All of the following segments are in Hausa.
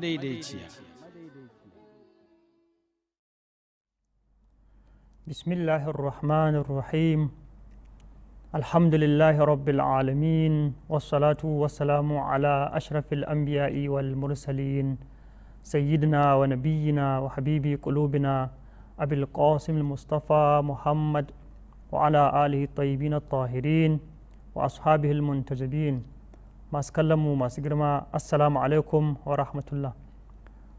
madaidaiciya bismillahir rahmanir rahim alhamdulillahi rabbil alamin wassalatu wassalamu ala ashrafil anbiya'i wal mursalin سيدنا ونبينا وحبيب قلوبنا أبي القاسم المصطفى محمد وعلى آله الطيبين الطاهرين وأصحابه المنتجبين masu kallon mu masu girma assalamu alaikum wa rahmatullah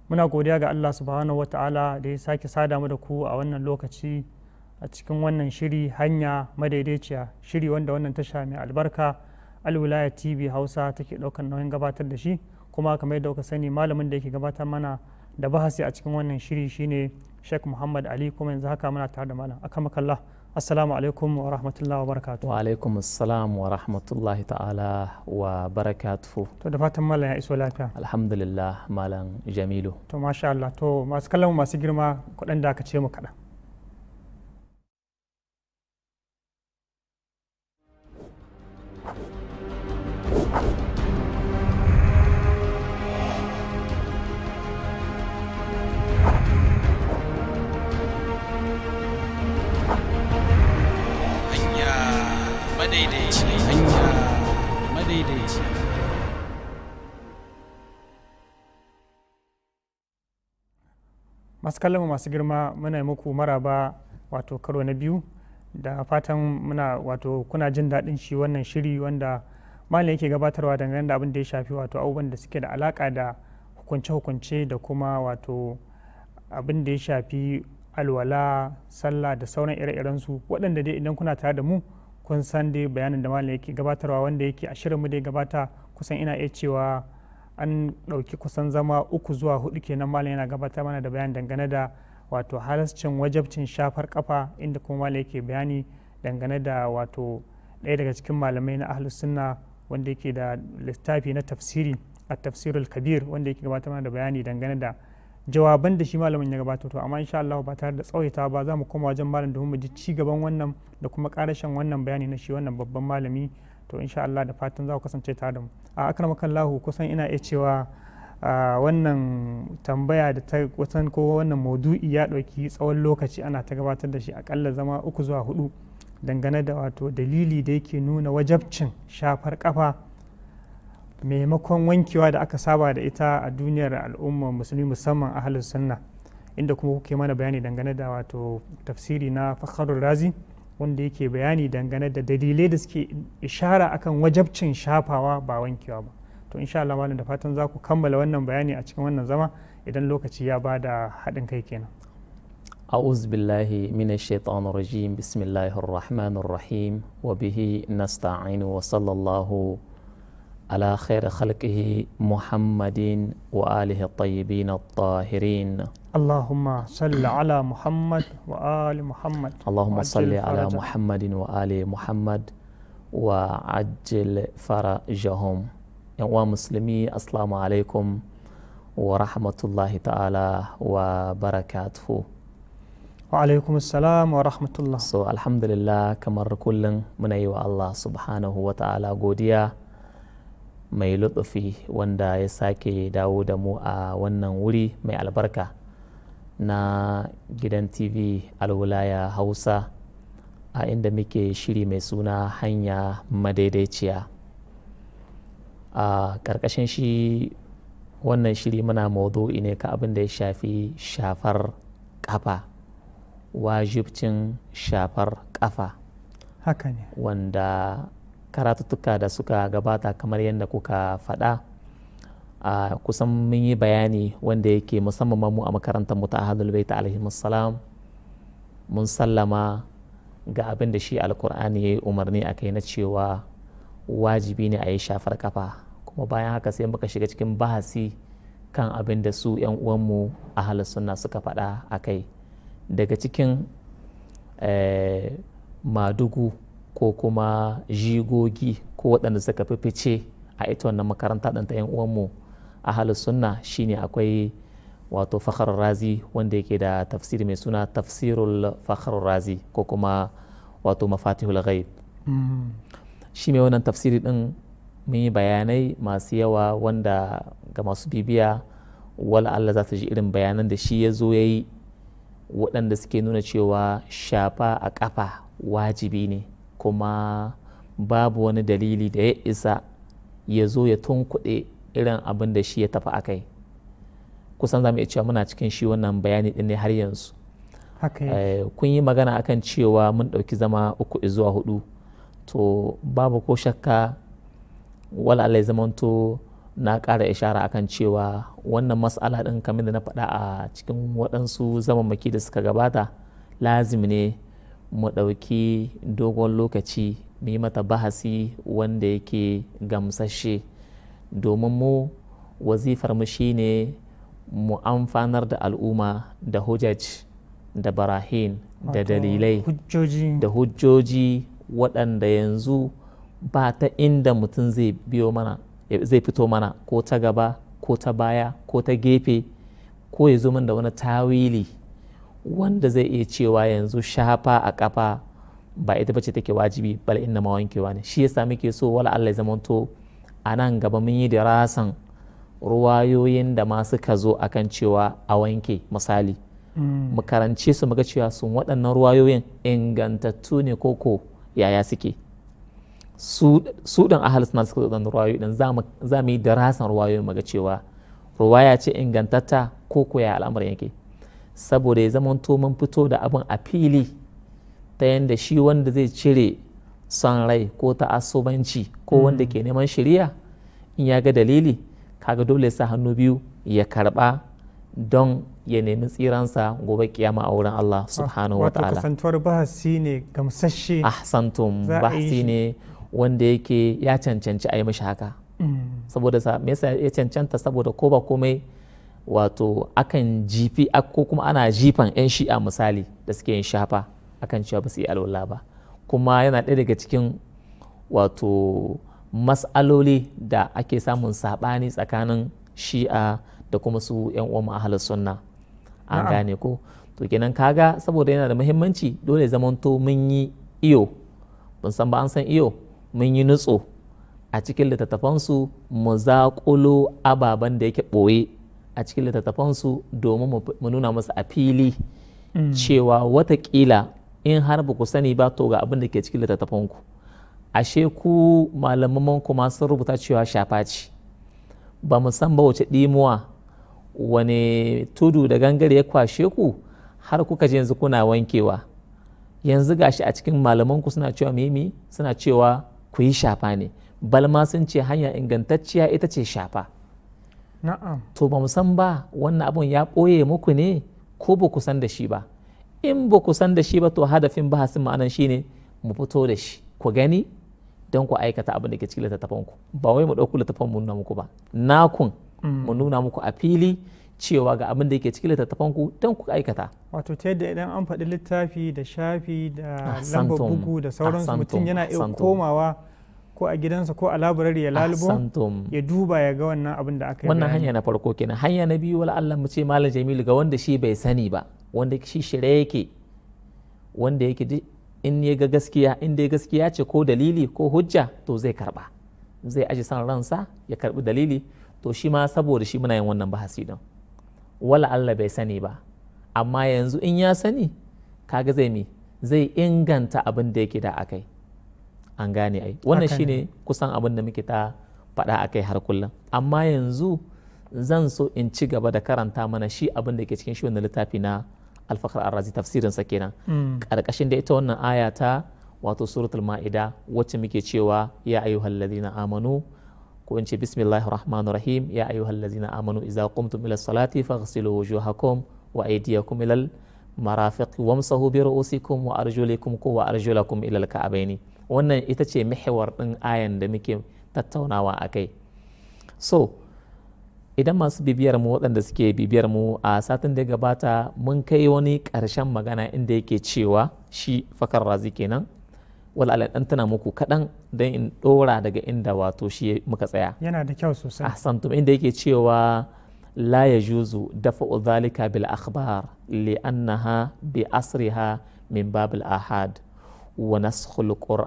muna godiya ga allah subhanahu wa ta'ala da ya sake sada mu da ku a wannan lokaci a cikin wannan shiri hanya madaidaiciya shiri wanda wannan tasha mai albarka alwilaya tv hausa take daukar nauyin gabatar da shi kuma kamar yadda kuka sani malamin da yake gabatar mana da bahasi a cikin wannan shiri shine sheikh muhammad ali kuma yanzu haka muna tare da malam akamakallah السلام عليكم ورحمة الله وبركاته وعليكم السلام ورحمة الله تعالى وبركاته تدفات مالا يا إسولا الحمد لله مالا جميل تو ما شاء الله تو ما سكلم ما سجر ما قد عندك تشيمو كده masu kallon masu girma muna muku maraba wato karo na biyu da fatan muna wato kuna jin daɗin shi wannan shiri wanda malin yake gabatarwa dangane da abin da ya shafi wato abubuwan da suke da alaka da hukunce-hukunce da kuma wato abin da ya shafi alwala sallah da sauran ire-iren su waɗanda dai idan kuna tare da mu kun san dai bayanin da malin yake gabatarwa wanda yake a shirin mu dai gabata kusan ina iya cewa an ɗauki kusan zama uku zuwa hudu kenan malam yana gabatar mana da bayan dangane da wato halascin wajabcin shafar kafa inda kuma malam yake bayani dangane da wato ɗaya daga cikin malamai na ahlus sunna wanda yake da littafi na tafsiri a tafsirul kabir wanda yake gabatar mana da bayani dangane da jawaban da shi malamin ya gabata to amma insha Allah ba tare da tsawaita ba za mu koma wajen malam domin mu ji ci gaban wannan da kuma karashin wannan bayani na shi wannan babban malami to insha Allah da fatan za ku kasance tare da mu a akramakallahu kusan ina iya cewa wannan tambaya da ta kusan ko wannan maudu'i ya ɗauki tsawon lokaci ana ta gabatar da shi akalla zama uku zuwa hudu dangane da wato dalili da yake nuna wajabcin shafar kafa maimakon wankewa da aka saba da ita a duniyar al'umma musulmi musamman ahalus sunna inda kuma kuke mana bayani dangane da wato tafsiri na fakharul razi wanda yake bayani dangane da dalilai da suke ishara akan wajabcin shafawa ba wankewa ba to insha Allah malam da fatan za ku kammala wannan bayani a cikin wannan zama idan lokaci ya ba da haɗin kai kenan أعوذ بالله من الشيطان الرجيم بسم الله الرحمن الرحيم وبه نستعين وصلى الله على خير خلقه محمد وآله الطيبين الطاهرين اللهم صل على محمد وآل محمد اللهم صل على محمد وآل محمد وعجل فرجهم يا مسلمي السلام عليكم ورحمة الله تعالى وبركاته وعليكم السلام ورحمة الله so الحمد لله kullum كل من أيوة الله سبحانه وتعالى قوديا mai lutsufi wanda ya sake dawo da mu a wannan wuri mai albarka na gidan tv alwulaya hausa a inda muke shiri mai suna hanya madaidaiciya a ƙarƙashin shi wannan shiri muna maudu'i ne ka abin da ya shafi shafar kafa wajibcin shafar kafa. haka wanda karatuttuka da suka gabata kamar yadda kuka faɗa a kusan mun yi bayani wanda yake musamman mu a makarantar mu ta ahlul bait alaihimussalam mun sallama ga abin da shi alkur'ani ya yi umarni a kai na cewa wajibi ne a yi shafar kafa kuma bayan haka sai muka shiga cikin bahasi kan abin da su 'yan uwanmu ahalus sunna suka faɗa a kai daga cikin eh, madugu ko kuma jigogi ko waɗanda suka fi fice a ita wannan makaranta ɗin ta 'yan uwanmu a halin sunna shine akwai wato fakhar razi wanda yake da tafsiri mai suna tafsirul fakhar razi ko kuma wato mafatihul ghaib mm-hmm. shi mai wannan tafsiri ɗin mun yi bayanai masu yawa wanda ga masu bibiya wala Allah za su ji irin bayanan da shi ya zo ya yi waɗanda suke nuna cewa shafa a ƙafa wajibi ne kuma babu wani dalili da ya isa ya zo ya kuɗe irin abin da shi ya tafi a kai kusan za mu iya cewa muna cikin shi wannan bayani ɗin ne har yanzu eh, kun yi magana akan cewa mun ɗauki zama uku zuwa hudu to babu ko shakka wala alai zamanto na ƙara ishara akan cewa wannan mas'ala ɗin kamar da na faɗa a cikin waɗansu zamanmaki da suka gabata lazim ne mu ɗauki dogon lokaci mu yi mata bahasi wanda yake gamsashe domin mu wazifar mu shine mu amfanar da al'umma da hujjaj da barahin da dalilai da hujjoji waɗanda yanzu ba ta inda mutum zai zai fito mana ko ta gaba ko ta baya ko ta gefe ko ya zo min da wani tawili wanda zai iya cewa yanzu shafa a kafa ba ita bace take wajibi bal inna ma wankewa ne shi yasa muke so wala Allah ya zamanto a nan gaba mun yi dirasan ruwayoyin da ma suka zo akan cewa a wanke misali mm. mu karance su muga cewa sun waɗannan ruwayoyin ingantattu ne koko yaya suke su ɗin ahal suna suka zo ruwayoyi ɗin za mu yi dirasan ruwayoyin muga cewa ruwaya ce ingantatta koko ya al'amarin yake saboda ya zamanto mun fito da abin a fili ta yadda shi wanda zai cire son rai ko ta'assubanci ko hmm. wanda ke neman shiriya in ya ga dalili kaga dole sa hannu biyu ya karba don ya nemi tsiransa gobe kiyama a wurin Allah ah, subhanahu wa ta'ala wato kasantuwar bahasi ne gamsashe santum bahasi ne wanda yake ya cancanci a yi mishi haka hmm. saboda me yasa ya cancanta saboda ko ba komai wato akan jifi ko kuma ana jifan 'yan shi'a misali da suke yin shafa akan cewa ba su yi alwala ba kuma yana ɗaya daga cikin wato mas'aloli da ake samun saɓani tsakanin shi'a da kuma su 'yan uwa ahalar sunna an gane ko to kenan kaga saboda yana da muhimmanci dole zamanto mun yi iyo mun san ba an san iyo mun yi nutso a cikin littattafansu mu zaƙulo ababen da yake ɓoye a cikin littattafansu domin mu nuna masa a fili mm. cewa watakila in har ba ku sani ba to ga abin da ke cikin littattafanku ashe ku malamman kuma sun rubuta cewa shafa ce ba mu san ba wace ɗimuwa wani tudu da gangare ya kwashe ku har kuka ji yanzu kuna wankewa yanzu gashi a cikin ku suna cewa mimi suna cewa ku yi shafa ne balma sun ce hanya ingantacciya ita ce shafa to ba san ba wannan abun ya ɓoye muku ne ko ba ku san da shi ba in ba ku san da shi ba to hadafin bahasin ma'anan shi ne mu fito da shi ku gani don ku aikata abin da ke cikin littattafan ba wai mu ɗauko littattafan mu nuna muku ba Na kun mm. mu nuna muku a fili cewa ga abin da ke cikin littattafan ku don ku aikata wato ta yadda idan an faɗi littafi da shafi da lambar bugu da sauransu mutum yana iya komawa ko a gidansa ko a labarari ya lalubo ya duba ya ga wannan abin da aka yi wannan hanya na farko kenan hanya na biyu wala Allah mu ce malam Jamilu ga wanda shi bai sani ba wanda shi shire yake wanda yake in ya ga gaskiya in dai gaskiya ce ko dalili ko hujja to zai karba zai aji san ransa ya karbi dalili to shi ma saboda shi muna yin wannan bahasi din wala Allah bai sani ba amma yanzu in ya sani kaga zai mi zai inganta abin da yake da akai an gane ai wannan shine kusan abin da muke ta faɗa a kai har kullum amma yanzu zan so in ci gaba da karanta mana shi abin da ke cikin shi wannan littafi na alfakar arrazi sa kenan ƙarƙashin da ita wannan aya ta wato suratul ma'ida wacce muke cewa ya ayyuhal ladina amanu ko in ce bismillahir rahmanir rahim ya ayyuhal ladina amanu idza qumtum ila salati faghsilu wujuhakum wa aydiyakum ila al marafiq wamsahu bi ru'usikum wa arjulikum ko wa arjulakum ila al kabayni wannan ita ce mihiwar ɗin ayan da muke tattaunawa a kai so idan masu bibiyar mu waɗanda suke bibiyar mu a satin da gabata mun kai wani ƙarshen magana inda yake cewa shi fakar razi kenan wala ɗan tana muku kaɗan don in ɗora daga inda wato shi muka tsaya yana da kyau sosai to inda yake cewa la yajuzu dafa'u zalika bil akhbar li annaha bi asriha min babil ahad wa naskhul ko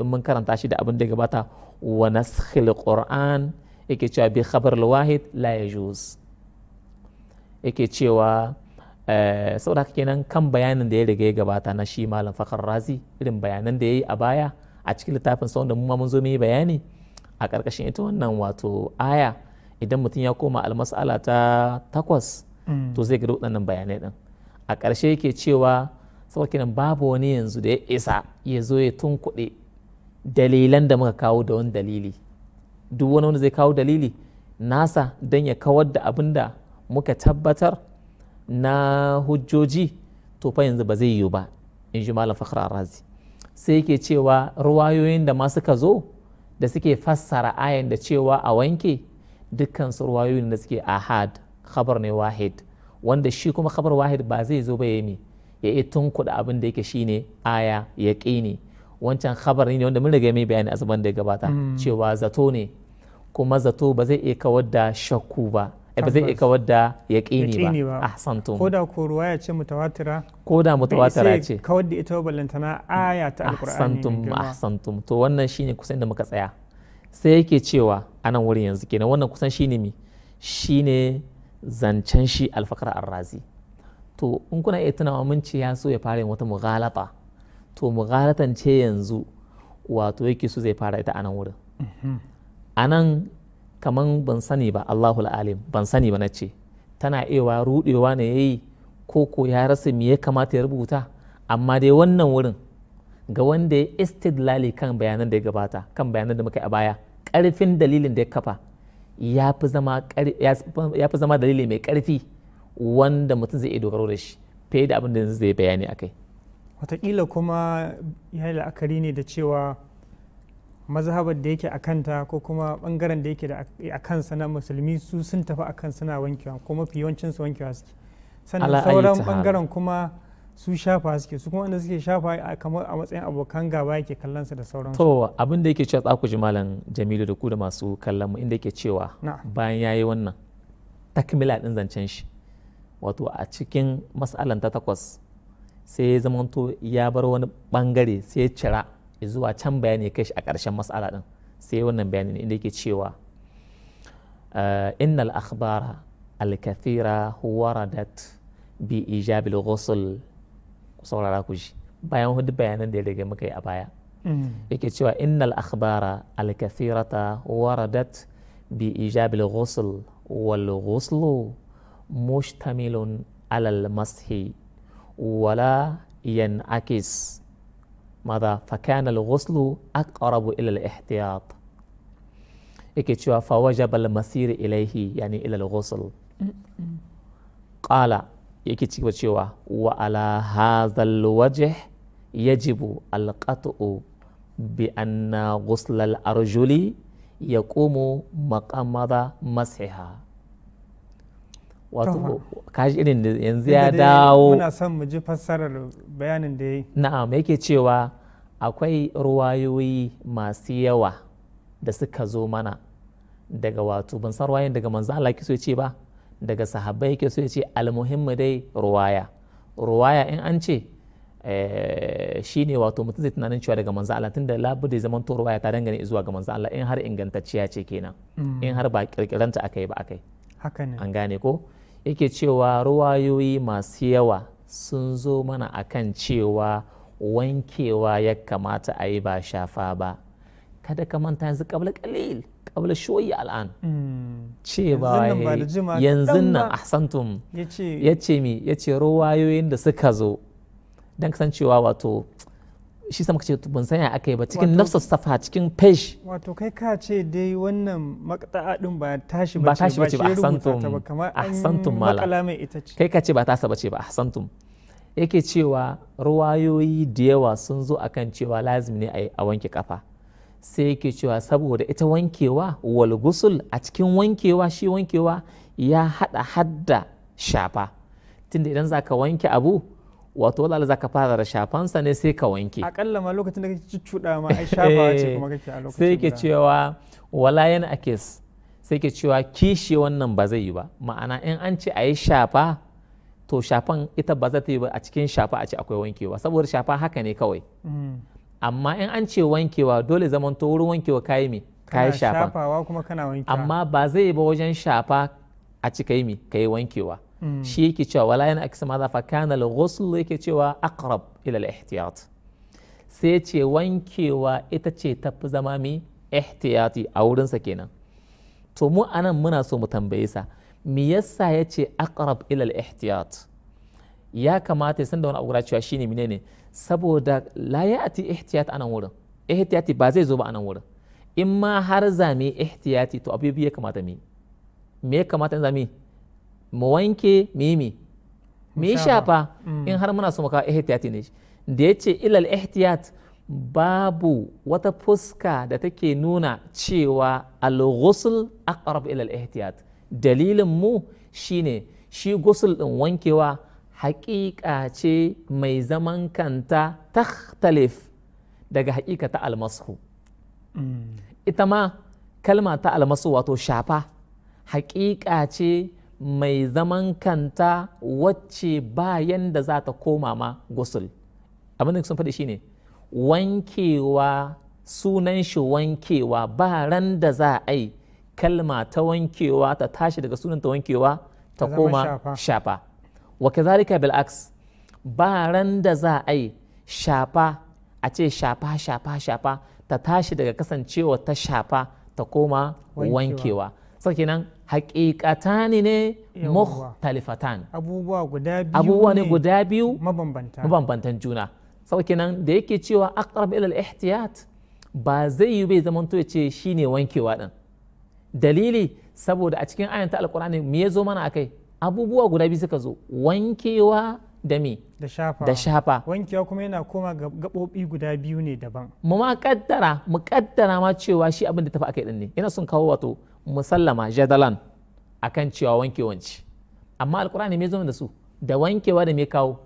in mun karanta shi da abin da gabata wa naskhul qur'an yake cewa bi khabar wahid la yajuz yake cewa eh, saboda haka kenan kan bayanin da ya riga ya gabata na shi malam fakar razi irin bayanan da ya yi a baya a cikin littafin sa wanda mu ma mun zo mu yi bayani a ƙarƙashin ita wannan wato aya idan mutum ya koma almas'ala ta takwas mm. to zai ga waɗannan bayanai ɗin a ƙarshe yake cewa saboda kenan babu wani yanzu da ya isa ya zo ya tunkuɗe dalilan da muka kawo da wani dalili duk wani wanda zai kawo dalili nasa don ya kawar da abin da muka tabbatar na hujjoji to fa yanzu ba zai yiwu ba in ji malam fakhra razi sai yake cewa ruwayoyin da ma suka zo da suke fassara ayan da cewa a wanke dukkan su ruwayoyin da suke ahad khabar ne wahid wanda shi kuma khabar wahid ba zai zo ba yayi ya yi tunkuɗa abin da yake shine aya ya ƙini wancan khabari ne wanda mun riga mai bayani a zaban da gabata hmm. cewa zato ne kuma zato ba zai iya kawar da shakku ba eh, ba zai iya kawar da ya yaƙini ba ahsantum ko da ko ya ce mutawatira ko da mutawatira ce kawar da ita ballantana aya ta alqur'ani ahsantum ahsantum to wannan shine kusan da muka tsaya sai yake cewa anan wurin yanzu kenan wannan kusan shine mi shine zancen shi alfakar arrazi to in kuna iya tunawa mun ce ya so ya fara yin wata mughalata to mughalatan ce yanzu wato yake so zai fara ita anan wurin mm-hmm. a nan kaman ban sani ba Allahu alim ban sani ba na ce tana iya rudewa ne yayi ko ko ya rasa me ya kamata ya rubuta amma dai wannan wurin ga wanda ya istidlali kan bayanan da ya gabata kan bayanan da muka a baya karfin dalilin da ya kafa ya fi zama dalili mai karfi wanda mutum zai iya dogaro da shi fiye da abin da zai bayani a kai. watakila kuma ya yi la'akari ne da cewa mazhabar da yake a kanta ko kuma bangaren da yake a kansa na musulmi su sun tafi a kan suna wankewa ko mafi yawancin su wankewa suke sannan sauran bangaren kuma su shafa suke su kuma wanda suke shafa kamar a matsayin abokan gaba yake kallon su da sauran to abin da yake cewa tsaku ji malam jamilu da ku da masu kallon mu inda yake cewa bayan yayi wannan takmila din zancen shi wato a cikin matsalan ta takwas sai ya zamanto ya bar wani bangare sai ya cira zuwa can bayani kai shi a ƙarshen matsala ɗin sai wannan bayani inda yake cewa eh, innal akhbara alkathira waradat bi ijabil ghusl saurara ku ji bayan hudu bayanan da ya rage muka yi a baya mm. yake cewa innal akhbara alkathirata waradat bi ijabil ghusl wal ghuslu مشتمل على المسح ولا ينعكس ماذا فكان الغسل أقرب إلى الاحتياط اكيتشوا فوجب المسير إليه يعني إلى الغسل قال اكيتشوا وعلى هذا الوجه يجب القطع بأن غسل الأرجل يقوم مقام مسحها wato kaji irin da yanzu ya dawo muna son mu ji fassarar bayanin da yi na'am yake cewa akwai ruwayoyi masu yawa da suka zo mana daga wato ban san ruwayoyin daga manzo Allah kiso ce ba daga sahabbai yake so ce almuhimmi dai ruwaya ruwaya in an ce eh, shine wato mutum zai tunanin cewa daga manzo Allah tunda labu da zaman to ruwaya ta dangane zuwa ga manzo Allah in har ingantacciya ce kenan mm. in har ba kirkiranta akai ba akai haka ne an gane ko yake cewa ruwayoyi masu yawa sun zo mana akan cewa wankewa ya kamata a yi ba shafa ba kada ka manta yanzu kabla kalil kabla shoyi al'an hmm. cewa yanzu nan ahsantum ya ce mi ya ce ruwayoyin da suka zo don kasancewa wato shi sama ce ban sanya aka yi ba cikin nafsar safa cikin page wato kai ka ce dai wannan makta'a din ba tashi ba tashi bace ba ahsantum ahsantum mala kai ka ce ba tasa bace ba ahsantum yake cewa ruwayoyi da yawa sun zo akan cewa lazimi ne a wanke kafa sai yake cewa saboda ita wankewa wal gusul a cikin wankewa shi wankewa ya hada hadda shafa tunda idan za ka wanke abu wato wala za ka fara shafansa ne sai ka wanke akalla ma lokacin da kake cuccuda ma ai shafa eh, ce kuma kake a lokacin sai ke cewa wala yana akes sai ke cewa kishi wannan ba zai yi ba ma'ana in an ce a yi shafa to shafan ita ba za ta yi ba a cikin shafa a ce akwai wankewa saboda shafa haka ne kawai hmm. amma in an ce wankewa dole zaman to wurin wankewa kayi me kayi shafa kuma kana amma ba zai yi ba wajen shafa a cika yi me kai wankewa shi yake cewa wala yana aksa ma za fa kana al-ghusl yake cewa aqrab ila al-ihtiyat sai ce wankewa ita ce tafi zama mi ihtiyati a wurinsa kenan to mu anan muna so mu tambaye sa me yasa ya ce aqrab ila al-ihtiyat ya kamata ya san da wani abu cewa shine menene saboda la ya'ti ihtiyat anan wurin ihtiyati ba zai zo ba anan wurin in ma har zame ihtiyati to abubuwa ya kamata mi me ya kamata zame mu wanke mimi mu shafa mm. in har muna so mu ihtiyati ne da ya ce ilal ihtiyat babu wata fuska da take nuna cewa al-ghusl aqrab ilal ihtiyat dalilin mu shine shi gusul din wankewa haƙiƙa ce mai zaman kanta takhtalif daga haƙiƙa ta almasu mm. ita ma kalma ta almasu wato shafa haƙiƙa ce mai zaman kanta wacce bayan da za ta koma ma gusul abin da sun faɗi shi ne. wankewa sunan shi wankewa ba ran da za a yi kalma ta wankewa ta tashi daga sunan ta wankewa ta koma shafa wa kazalika bil aks ba ran da za a yi shafa a ce shafa shafa shafa ta tashi daga kasancewa ta shafa ta koma wankewa kenan haƙiƙatani ne mukhtalifatan abubuwa guda biyu ne guda biyu mabambantan juna sau nan da yake cewa aqrab ila al-ihtiyat ba zai yi bai zamanto ya ce shine wankewa din dalili saboda a cikin ayan ta alqur'ani me ya zo mana akai abubuwa guda biyu suka zo wankewa da me da shafa da shafa wankewa kuma yana koma gabobi guda biyu ne daban mu ma kaddara mu kaddara ma cewa shi abin da tafi akai din ne ina son kawo wato musallama jadalan akan cewa wanke wanci amma alkur'ani me zo da su da wankewa da me kawo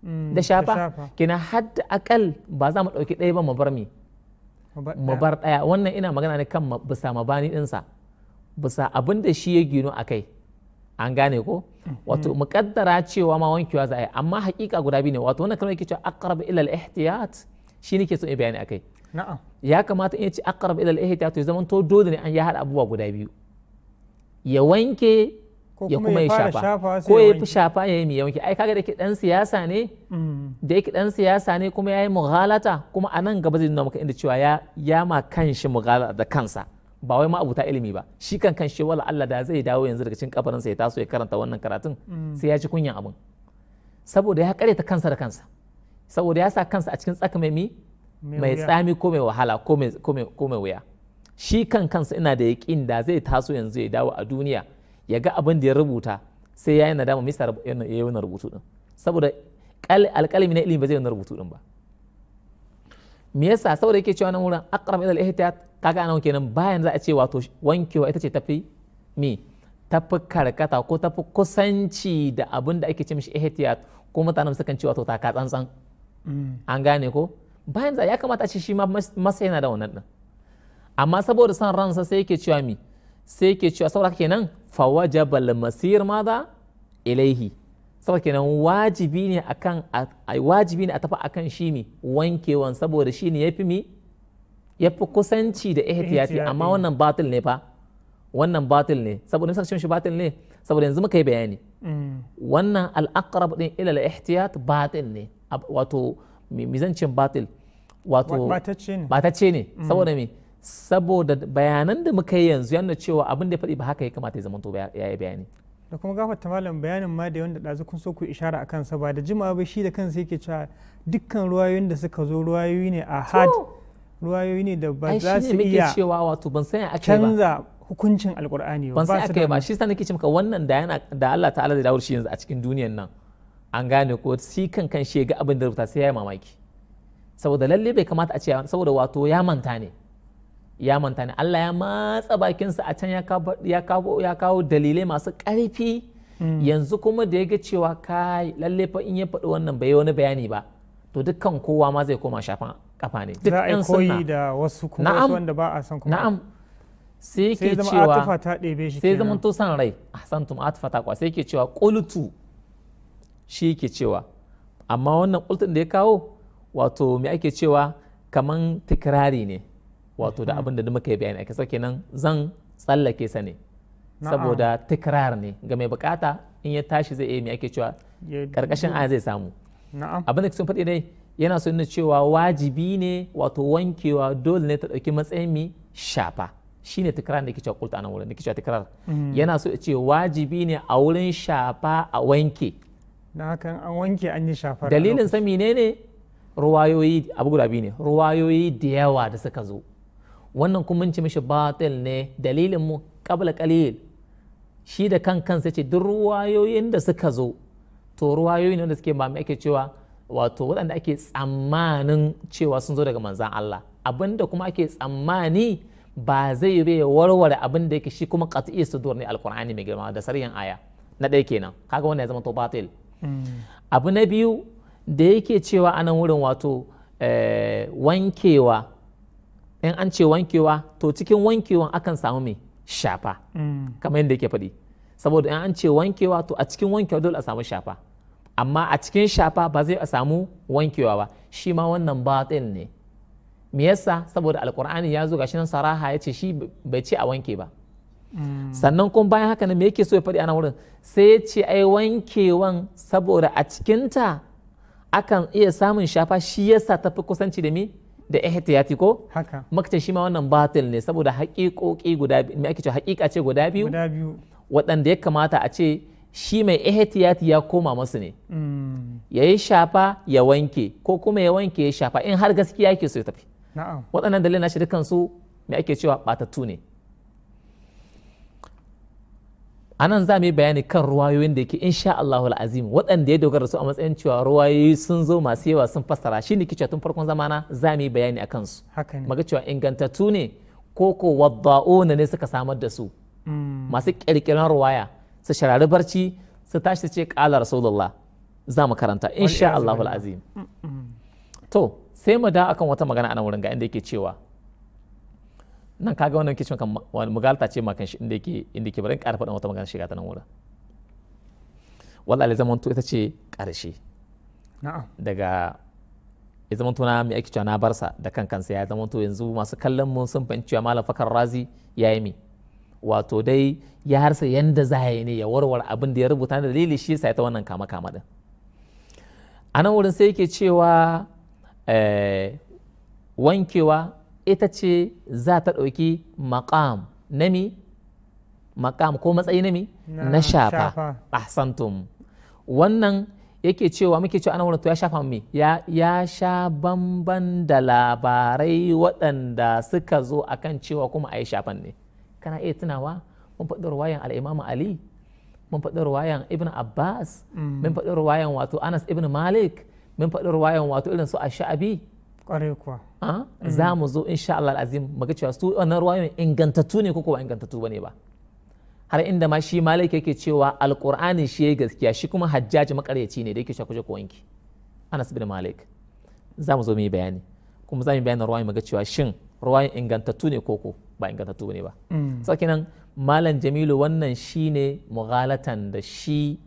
mm, da shafa kina hadda akal ba za mu ɗauki ɗaya ba mu bar mu bar ɗaya wannan ina magana ne kan bisa mabani ɗinsa bisa abin da shi ya gino a kai an gane ko mm-hmm. wato muƙaddara cewa ma wankewa za a yi amma hakika guda biyu ne wato wannan kalmar yake cewa aqrab ila al-ihtiyat shi ke so ya bayani akai na'am ya kamata in ci aqrab ila al-ihtiyat to zaman to dole ne an ya hada abubuwa guda biyu ya wanke ya kuma ya shafa ko ya fi shafa ya yi wanke ai kaga da ke dan siyasa ne mm. da yake dan siyasa ne kuma ya yi mughalata kuma a nan gaba zai nuna maka inda cewa ya ya ma kanshi mughalata da kansa ba wai ma abuta ilimi ba shi kan kanshi wala Allah da zai dawo yanzu daga cikin kafarinsa ya taso ya karanta wannan karatun mm. sai ya ci kunyan abun. saboda ya kare ta kansa da kansa saboda ya sa kansa a cikin tsaka mai mai tsami ko mai wahala ko mai wuya shi kan kansa ina da yaƙin da zai taso yanzu ya dawo a duniya ya ga abin da ya rubuta sai ya yi nadama mista ya yi wannan rubutu din saboda alƙalmi na ilimi ba zai yi rubutu din ba me yasa saboda yake cewa nan wurin akram ila al-ihtiyat kaga anan kenan bayan za a ce wato wankewa ita ce tafi mi tafi karkata ko tafi kusanci da abin da ake ce mishi ihtiyat ko mutanen sukan ce wato taka tsantsan an gane ko bayan za ya kamata ce shi ma masa yana da wannan din amma saboda san ransa sai yake cewa mi sai yake cewa saboda kenan fa wajabal masir da ilaihi saboda kenan wajibi ne akan wajibi ne a tafi akan shi mi wankewan saboda shi ne yafi mi yafi kusanci da ihtiyati amma wannan batil ne fa wannan batil ne saboda nisa shi batil ne saboda yanzu muka yi bayani mm. wannan al-aqrab din ila al-ihtiyat batil ne wato mizancin batil wato batacce ne mm. saboda me saboda bayanan da muka yi yanzu yana cewa abin da ya faɗi ba haka ya kamata ya to ya yi bayani da kuma gafarta malam bayanin ma da wanda ɗazu kun so ku ishara a kansa ba da jimawa ba shi da kansa yake cewa dukkan ruwayoyin da suka zo ruwayoyi ne a had ruwayoyi ne da ba za su iya cewa wato ban san ake ba canza hukuncin alkur'ani ba ban san kai ba shi sa nake cewa wannan da yana da Allah ta'ala da dawo shi yanzu a cikin duniyar nan an gane ko shi kan kan shi ga abin da rubuta sai ya mamaki saboda lalle bai kamata a ce saboda wato ya manta ne ya manta ne Allah ya matsa bakinsa a can ya kawo dalilai masu ƙarfi hmm. yanzu kuma da ya ga cewa kai lalle fa in ya faɗi wannan bai wani bayani ba to dukkan kowa ma zai koma shafan kafa ne duk ɗan sunna da wasu kuma na'am, wanda ba a san kuma na'am sai ke cewa sai zama to san rai ahsantum atfa kwa sai ke cewa qultu shi ke cewa amma wannan ƙultun da ya kawo wato me ake cewa kaman tikirari ne wato da abin da muka yi bayani a kenan zan tsallake sa ne saboda tikirar ne ga mai bukata in ya tashi zai iya me ake cewa karkashin aya zai samu abin da sun faɗi dai yana so nuna cewa wajibi ne wato wankewa dole ne ta ɗauki matsayin mi shafa shi ne tikirar da ke cewa kulta nan wurin da ke cewa tikirar mm-hmm. yana so ya ce wajibi ne a wurin shafa a wanke na hakan an wanke an yi shafar dalilin ne ne ruwayoyi abu guda biyu ne ruwayoyi da yawa da suka zo wannan kuma ci mishi batil ne dalilin mu kabla kalil shi da kan kansa ce duk ruwayoyin da suka zo to ruwayoyi ne suke ba ake cewa wato waɗanda ake tsammanin cewa sun zo daga manzan Allah abinda kuma ake tsammani ba zai bai warware abinda da yake shi kuma qat'i sudur ne alqur'ani mai girma da saryan aya na ɗaya kenan kaga wannan ya zama to batil abu na biyu da yake cewa a nan wurin wato eh, wankewa in an ce wankewa to cikin wankewan akan samu mai shafa kamar yadda yake faɗi saboda in an ce wankewa to a cikin wankewa dole a samu shafa amma a cikin shafa ba zai a samu wankewa ba shi ma wannan batin ne me yasa saboda alkur'ani ya zo gashi nan saraha ya ce shi bai ce a wanke ba Mm. sannan kuma bayan haka ne me yake so ya faɗi ana wurin sai ya ce ai wankewan saboda a cikinta akan iya samun shafa shi yasa tafi kusanci da mi da ihtiyati ko haka shi ma wannan batil ne saboda haƙiƙoƙi guda biyu me ake cewa haƙiƙa ce guda biyu guda biyu waɗanda ya kamata a ce shi mai ihtiyati ya koma masu ne mm. ya yi shafa ya wanke ko kuma ya wanke ya shafa in har gaskiya yake so ya tafi waɗannan dalilan shi dukansu me ake cewa batattu ne anan za mu yi bayani kan ruwayoyin da yake insha Allahu azim waɗanda ya dogara su a matsayin cewa ruwayoyi sun zo masu yawa sun fassara shi ne kice tun farkon zamana za mu yi bayani a kansu maga cewa ingantattu ne ko ko wadda'una ne suka samar da su mm. masu ƙirƙiran ruwaya su sharari barci su tashi su ce ƙala rasulullah za mu karanta insha Allahu azim to sai mu da akan wata magana a wurin ga inda yake cewa nan kaga wannan kishin kan mugalta ce makan shi inda yake inda yake bari ƙara faɗin wata magana shiga ta nan wurin wallahi zaman to ita ce ƙarshe daga ya zaman to na mai aiki na barsa da kan kansa ya zaman to yanzu masu kallon mun sun fahimci cewa malam fakar razi ya yi mi wato dai ya harsa yanda za ya ne ya warware abin da ya rubuta da dalili shi sai ta wannan kama kama din a nan wurin sai yake cewa eh, wankewa ita ce za ta ɗauki maƙam nami maƙam ko matsayi nami na shafa ahsantum wannan yake cewa muke cewa ana to ya shafa mai ya, sha bamban da labarai waɗanda suka zo akan cewa kuma a yi shafan ne kana iya tunawa mun faɗi ruwayan al'imamu ali mun faɗi ruwayan ibn abbas mm. mun faɗi ruwayan wato anas ibn malik mun faɗi ruwayan wato irin su ash'abi kuwa ah, mm. za mu zo insha Allah al'azim mu ga cewa su wannan ruwayoyin ingantattu ne kuma ingantattu bane ba har inda ma shi malik yake cewa alqur'ani shi ya gaskiya shi kuma hajjaji makaryaci ne da yake shakuje ko wanki Anas bin Malik za mu zo mu yi bayani kuma za mu yi bayanin ruwa mu ga cewa shin ruwayoyin ingantattu ne koko ba ingantattu bane ba mm. nan malam Jamilu wannan shine mughalatan da shi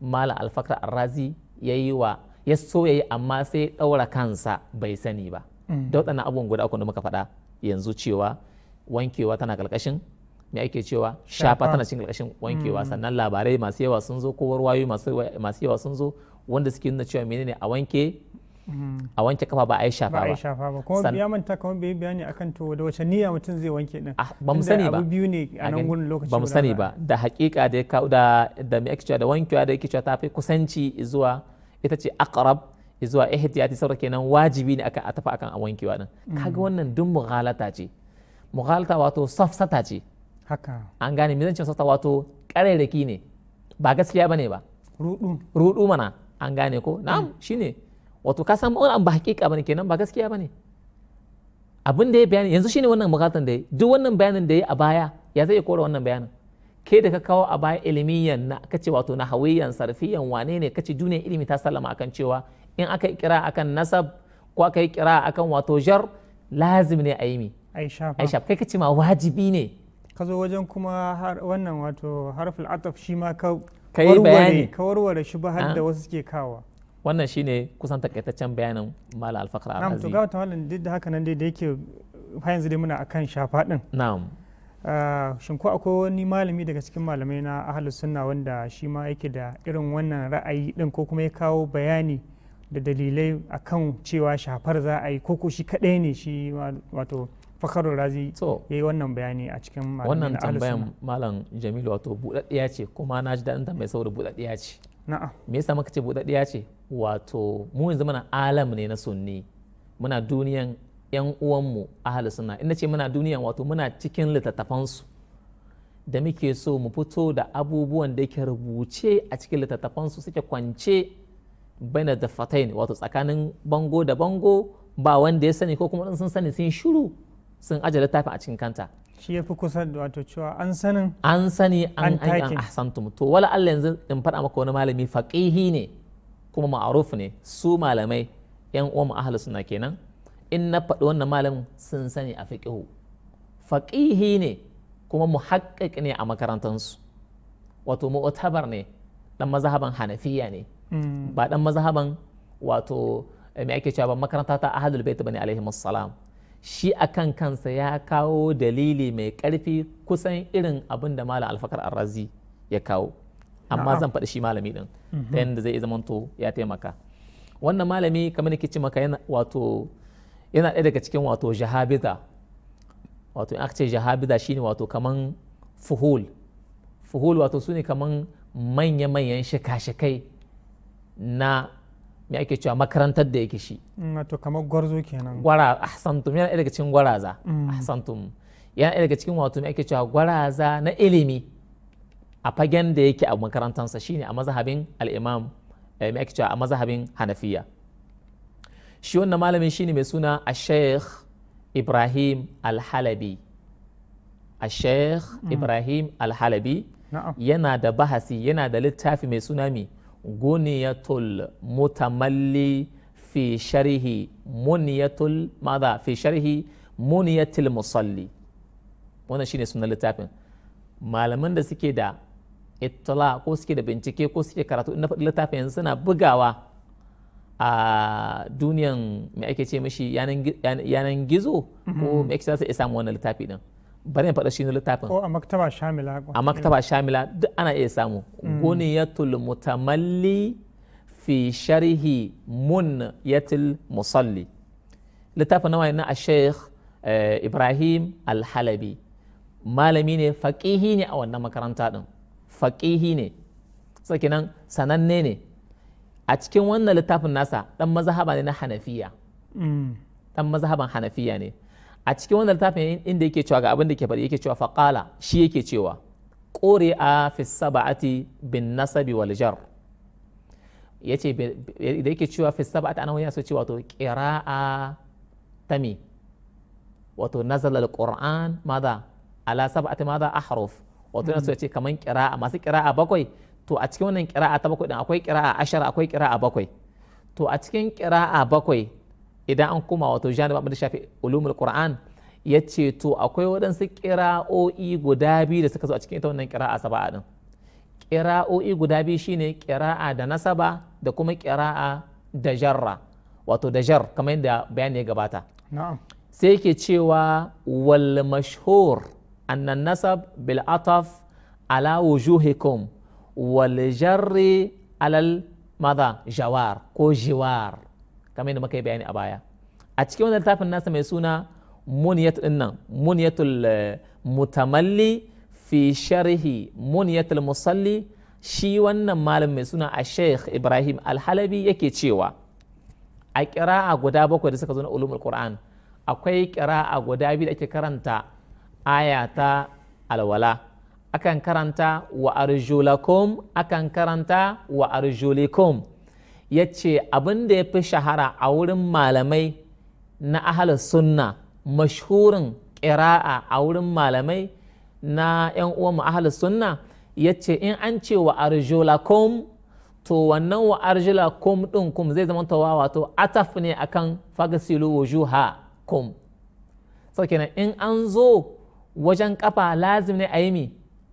malam Alfakar Arrazi yayi wa ya so ya yi amma sai ɗaura kansa bai sani ba mm. da waɗannan abubuwan guda uku da muka faɗa yanzu cewa wankewa tana ƙarƙashin me ake cewa shafa tana cikin ƙarƙashin wankewa mm. sannan labarai masu yawa sun zo ko warwayo masu yawa sun zo wanda suke nuna cewa menene a wanke mm. a wanke kafa ba a yi shafa ba. Ba a yi shafa ba. Kuma ya manta kuma bai bayani akan to da wace niyya mutum zai wanke din. Ah, ba mu sani ba. Abu biyu ne a nan gurin lokaci. Ba mu sani ba. Da hakika da ya kawo da da me ake cewa da wankewa da yake cewa ta fi kusanci zuwa ita ce aqrab zuwa ihtiyati saboda kenan wajibi ne aka tafi akan a wankewa din mm. kaga wannan duk mughalata ce mughalata wato safsata ce haka an gane me zan safsata wato ƙarairaki ne ba gaskiya bane ba rudu rudu mana an gane ko mm. na'am shine wato ka san wannan ba hakika bane kenan ba gaskiya bane abin da ya bayani yanzu shine wannan mughalatan da yi duk wannan bayanin da yi a baya ya zai kora wannan bayanin ke da ka kawo a baya ilimiyan na kace wato na hawiyan sarfiyan wane ne kace duniyar ilimi ta sallama akan cewa in aka yi kira akan nasab ko aka yi kira akan wato jar lazim ne a yi mi aisha kai kace ma wajibi ne ka zo wajen kuma wannan wato harful ataf shi ma ka kai bayani ka warware shi ba har da ah. wasu suke kawa wannan shine kusan takaitaccen bayanin mala alfakar al na'am to ga wata wannan duk da haka nan dai da yake yanzu dai muna akan shafa din na'am Ah, shin ko akwai wani malami daga cikin malamai na ahalus sunna wanda shi ma yake da irin wannan ra'ayi din ko kuma ya kawo bayani da dalilai akan cewa shafar za a yi ko ko shi kadai ne shi wato fakaru razi ya yi wannan bayani a cikin malamai wannan tambayan malam jamilu wato buɗaɗɗiya ce kuma na ji daɗin tambayar saboda buɗaɗɗiya ce na'am me yasa muka ce buɗaɗɗiya ce wato mu yanzu muna alam ne na sunni muna duniyan 'yan uwanmu ahal suna ina ce muna duniya wato muna cikin littattafansu da muke so mu fito da abubuwan da ke rubuce a cikin littattafansu suke kwance bane da fatain wato tsakanin bango da bango ba wanda ya sani ko kuma sun sani sun shiru sun aje littafin a cikin kanta shi ya fi kusa da wato cewa an sanin an sani an an ahsantum to wala Allah yanzu in faɗa maka wani malami faqihi ne kuma ma'aruf ne su malamai yan uwan ahlus suna kenan in na faɗi wannan malamin sun sani a fikihu. faƙihi ne kuma muhaƙƙiƙ ne a makarantansu wato mu'tabar ne ɗan mazhaban hanafiya ne hmm. ba ɗan mazhaban wato eh, me ake cewa makaranta ta ahadul bait bane alaihi salam shi akan kansa ya kawo dalili mai ƙarfi kusan irin abin da malam alfakar arrazi ya kawo amma zan faɗi shi malami ɗin ta mhm. yadda zai zamanto ya taimaka wannan malami kamar ke ce maka yana wato yana ɗaya daga cikin wato jahabida wato in aka ce jahabida shine wato kaman fuhul fuhul wato su ne kaman manya-manyan shika-shikai na me ake cewa makarantar da yake shi mm, wato kamar gwarzo kenan gwara ahsantum yana daga cikin gwaraza mm. ahsantum yana daga cikin wato me ake cewa gwaraza na ilimi a fagen da yake a makarantarsa shine a mazhabin al-imam eh, me ake cewa a mazhabin hanafiya shi wannan malamin shine mai suna a sheikh ibrahim alhalabi a sheikh mm. ibrahim alhalabi yana da bahasi yana da littafi mai suna mi guniyatul mutamalli fi sharhi muniyatul maza fi sharhi muniyatul musalli wannan shine sunan littafin malaman da suke da itala ko suke da bincike ko suke karatu ina faɗi littafin yanzu suna bugawa a duniyan me ake ce mashi yanan gizo ko mm-hmm. me ake ce ya samu wannan littafi din bari in faɗa shi ne littafin ko a maktaba shamila a maktaba shamila duk ana iya samu mm. guniyatul mutamalli fi sharhi mun yatil musalli littafin nawa na a sheikh eh, ibrahim alhalabi malami ne faƙihi ne a wannan makaranta din faƙihi ne sakinan sananne ne a cikin wannan littafin nasa dan mazhaba ne na hanafiya dan mm. mazhaban hanafiya ne a cikin wannan littafin inda yake cewa ga abin da ke faɗi yake cewa faqala shi yake cewa kore a fi sab'ati bin nasabi wal jar yace da yake cewa fi sab'ati anan yana so cewa to qira'a tami wato nazala alquran madha ala sab'ati madha ahruf wato mm. yana so ya ce kaman qira'a masu qira'a bakwai to a cikin wannan kira'a ta bakwai din akwai kira'a ashara akwai kira'a bakwai to a cikin kira'a bakwai idan an koma wato janib abin da shafi ulumul qur'an ya ce to akwai waɗansu kira'o'i guda biyu da suka zo a cikin ita wannan kira'a saba'a din kira'o'i guda biyu shine kira'a da nasaba da kuma kira'a da jarra wato da jar kamar yadda bayani ya gabata sai yake cewa wal mashhur annan nasab bil ataf ala wujuhikum waljarri alal maza jawar ko jiwar kamar yadda muka yi bayani a baya a cikin wannan littafin nasa mai suna muniyat dinnan muniyatul eh, mutamalli fi sharhi muniyatul musalli shi wannan malam mai suna a sheikh ibrahim alhalabi yake cewa a kira'a guda bakwai da suka zo na ulumul qur'an akwai kira'a guda biyu da ake karanta aya ta alwala akan karanta wa arjulakum akan karanta wa arjulikum ya ce abin da ya fi shahara a wurin malamai na ahalar sunna mashhurin ƙira'a a wurin malamai na 'yan uwan ahalar sunna ya ce in an ce wa arjulakum to wannan wa arjulakum kum ɗin kum zai zama tawa wato ataf ne akan fagasilu wujuha kum sau kenan in an zo wajen kafa lazim ne a yi mi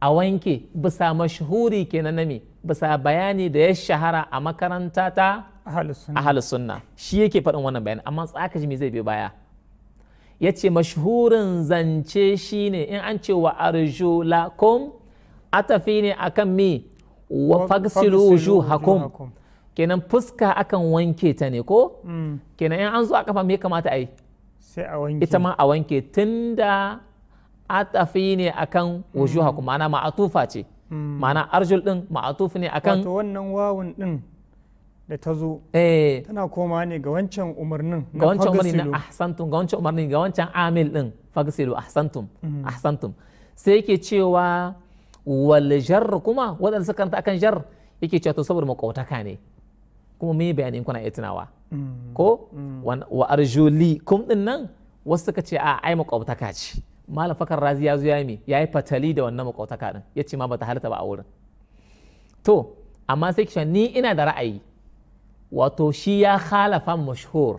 a wanke bisa mashuri ke na nami bisa bayani da ya shahara a makaranta ta ahalus sunna shi yake faɗin wannan bayani amma tsakashi me zai bi baya ya ce mashhurin zance shine in an ce wa A atafi ne akan mi wa ju wujuhakum kenan fuska akan wanke ta ne ko mm. kenan in an zo a kafa me kamata a yi ita ma a wanke tunda atafi ne akan wujuhakum ma'ana ma'atufa ce hmm. ma'ana arjul din ma'atuf ne akan wato wannan wawun din da ta zo eh. tana koma ne ga wancan umarnin ga wancan umarni na ahsantum ga wancan umarni ga wancan amil din fagsilu ahsantum hmm. ahsantum sai yake cewa wal jar kuma wadanda suka kanta akan jar yake cewa to saboda makautaka ne kuma me bayanin kuna iya tunawa hmm. ko wa arjuli kum din nan wasu suka ce a ai makautaka ce malam fakar razi ya zo ya yi ya yi fatali da wannan makautaka din ya ce ma bata halarta ba a wurin to amma sai kishan ni ina da ra'ayi wato shi ya khalafa mashhur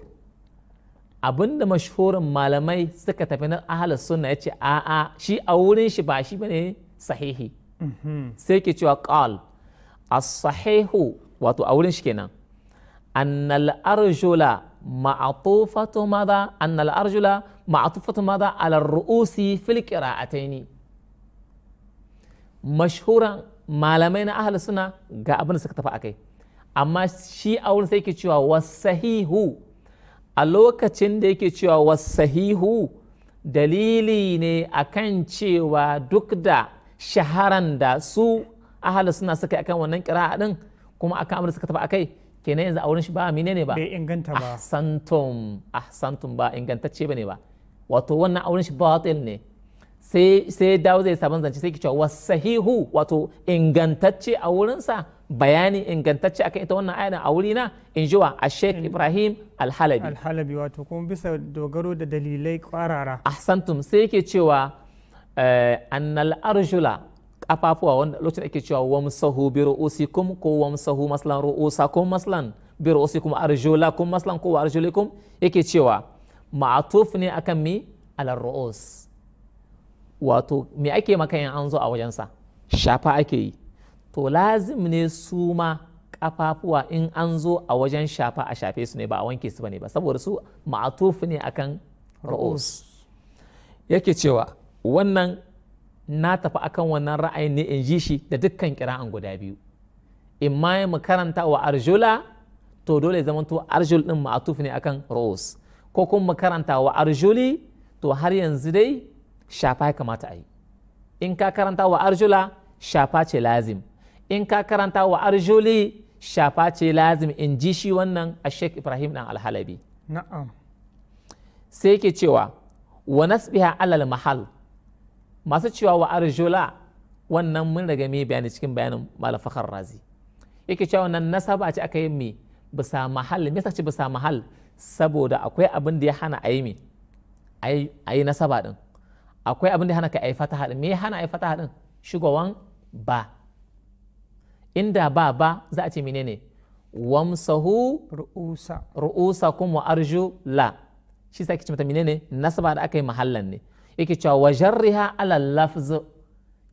abinda mashhurin malamai suka tafi na ahal sunna ya ce a'a shi a wurin shi ba shi bane sahihi mhm. sai ke cewa qal as-sahihu wato a wurin shi kenan annal arjula ma'atufatu maza an al-arjula ma'atufatu madha ala ru'usi fil mashhuran malamai na ahli suna ga abin da suka tafi akai amma shi a wurin sai yake cewa wasahihu a lokacin da yake cewa wasahihu dalili ne akan cewa duk da shaharan da su ahli suna suka akan wannan kira'a ɗin kuma akan abin da suka tafi akai kenan yanzu auren shi ba mine ne ba bai inganta ba ahsantum ahsantum ba ingantacce bane ba wato wannan auren shi batil ne sai sai dawo zai sabon zance sai ki cewa wasahihu wato ingantacce a wurin sa bayani ingantacce akan ita wannan ayana a na in jiwa a sheikh ibrahim alhalabi alhalabi wato kuma bisa dogaro da dalilai kwarara ahsantum sai yake cewa eh, annal arjula afafuwa wanda lokacin ake cewa wamsahu bi ru'usikum ko wamsahu maslan ru'usakum maslan bi ru'usikum arjulakum maslan ko arjulikum yake cewa ma'atuf ne akan mi ala ru'us wato me ake maka yin an zo a wajensa shafa ake yi to lazim ne su ma kafafuwa in an zo a wajen shafa a shafe su ne ba a wanke su bane ba saboda su ma'atuf ne akan ru'us yake cewa wannan na tafi akan wannan ra'ayin ne in ji shi da dukkan kira'an guda biyu in ma mu karanta wa arjula to dole zaman to arjul din ma'atuf ne akan ru'us ko kuma mu karanta wa arjuli to har yanzu dai shafa ya kamata a yi in ka karanta wa arjula shafa ce lazim in ka karanta wa arjuli shafa ce lazim in ji shi wannan a sheikh ibrahim dan alhalabi na'am sai ke cewa wa nasbiha alal mahal masu cewa wa arjula wannan mun daga mai bayani cikin bayanin malafakar razi yake cewa wannan nasaba ce aka yi mai bisa mahal me yasa ce bisa mahal saboda akwai abin da ya hana a yi a yi nasaba din akwai abin da ya hana ka a yi fataha din me ya hana a yi fataha din shugaban ba inda ba ba za a ce menene wamsahu ru'usa kuma wa la shi sa kici mata menene nasaba da aka yi mahallan ne yake cewa wa jarriha ala lafz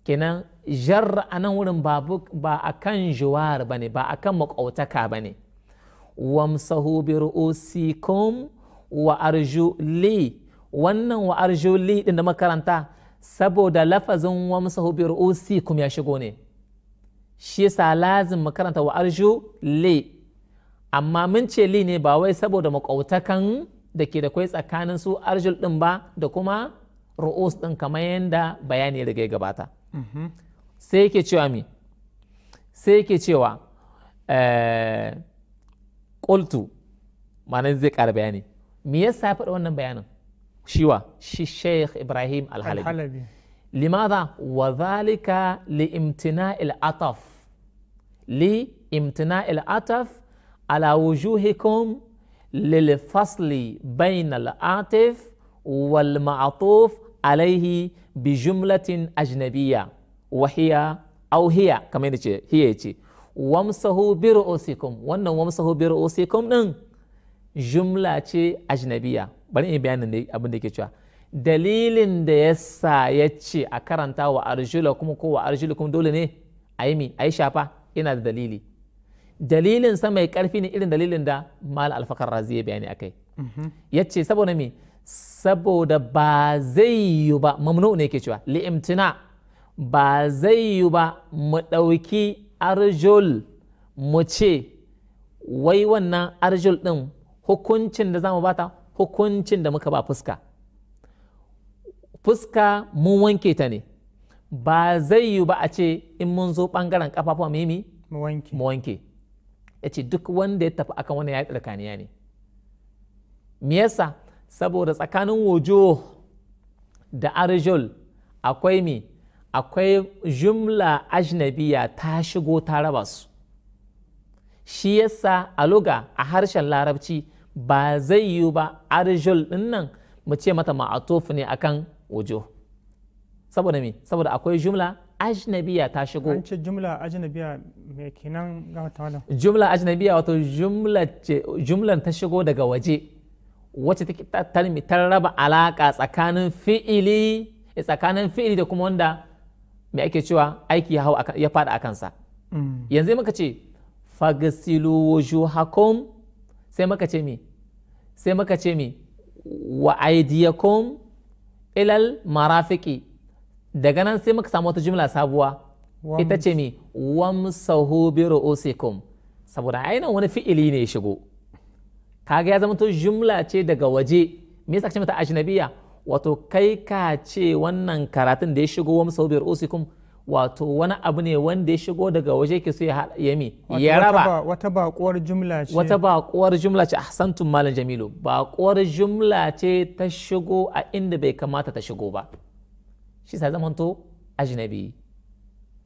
kenan jarra a nan wurin ba a kan juwar ba ne ba a kan makautaka ba ne wamsahu bi ru'usikum wa li wannan wa li din da makaranta saboda lafazin wamsahu bi ru'usikum ya shigo ne shi yasa lazim makaranta wa li amma mun ce li ne ba wai saboda makautakan da ke da kwai tsakanin su arjul din ba da kuma رؤوس ɗin kamar yadda bayani daga ya gabata sai yake cewa mi sai yake cewa ƙultu ma'anar zai ƙara bayani me yasa ya faɗa wannan bayanin shiwa shi sheikh ibrahim alhalabi limaza wa zalika li imtina ataf li imtina ataf ala wujuhikum lil fasli bain al atif wal ma'tuf alaihi bi jumlatin ajnabiya wa hiya au hiya kamar yadda ce hiya ce wamsahu bi ru'usikum wannan wamsahu bi ru'usikum din jumla ce ajnabiya bari in bayanin abin da ke cewa dalilin da ya sa ya ce a karanta wa arjula kuma ko wa kuma dole ne a a yi shafa ina da dalili dalilin sa mai karfi ne irin dalilin da mal alfakar razi ya bayani akai ya ce saboda me saboda ba zai yi ba mamnu ne ke cewa li'imtina ba zai yi ba mu ɗauki arjul mu ce wai wannan arjul ɗin hukuncin da za mu bata hukuncin da muka ba fuska fuska mun wanke ta ne ba zai yi ba a ce in mun zo ɓangaren ƙafafuwa mimi mu wanke ya ce duk wanda ya tafi akan wani ya yi ne me yasa saboda tsakanin wujuh da arjul akwai mi akwai jumla ajnabiya ta shigo ta raba su shi yasa a luga a harshen larabci ba zai yiwu ba arjul din nan mu ce mata ma'atuf ne akan wujuh saboda mi saboda akwai jumla ajnabiya ta shigo an ce jumla ajnabiya me kenan ga wata jumla ajnabiya wato jumla ce jumlan ta shigo daga waje wacce take ta raba alaƙa tsakanin fi'ili eh, tsakanin fi'ili da kuma wanda mai ake cewa aiki ya fada a kansa mm. yanzu muka ce fagasilu wujuhakum sai muka ce mi sai muka ce mi wa aidiyakum ilal marafiki daga nan sai muka samu wata jumla sabuwa ita ce mi wamsahu bi ru'usikum saboda ainihin wani fi'ili ne ya shigo kaga ya zama to jumla ce daga waje me yasa kace mata ajnabiya wato kai ka ce wannan karatun da ya shigo wa musawbir usikum wato wani abu ne wanda ya shigo daga waje ke so ya yami ya raba wata bakuwar jumla ce wata bakuwar jumla ce ahsantum malam jamilu bakuwar jumla ce ta shigo a inda bai kamata ta shigo ba shi sa to ajnabi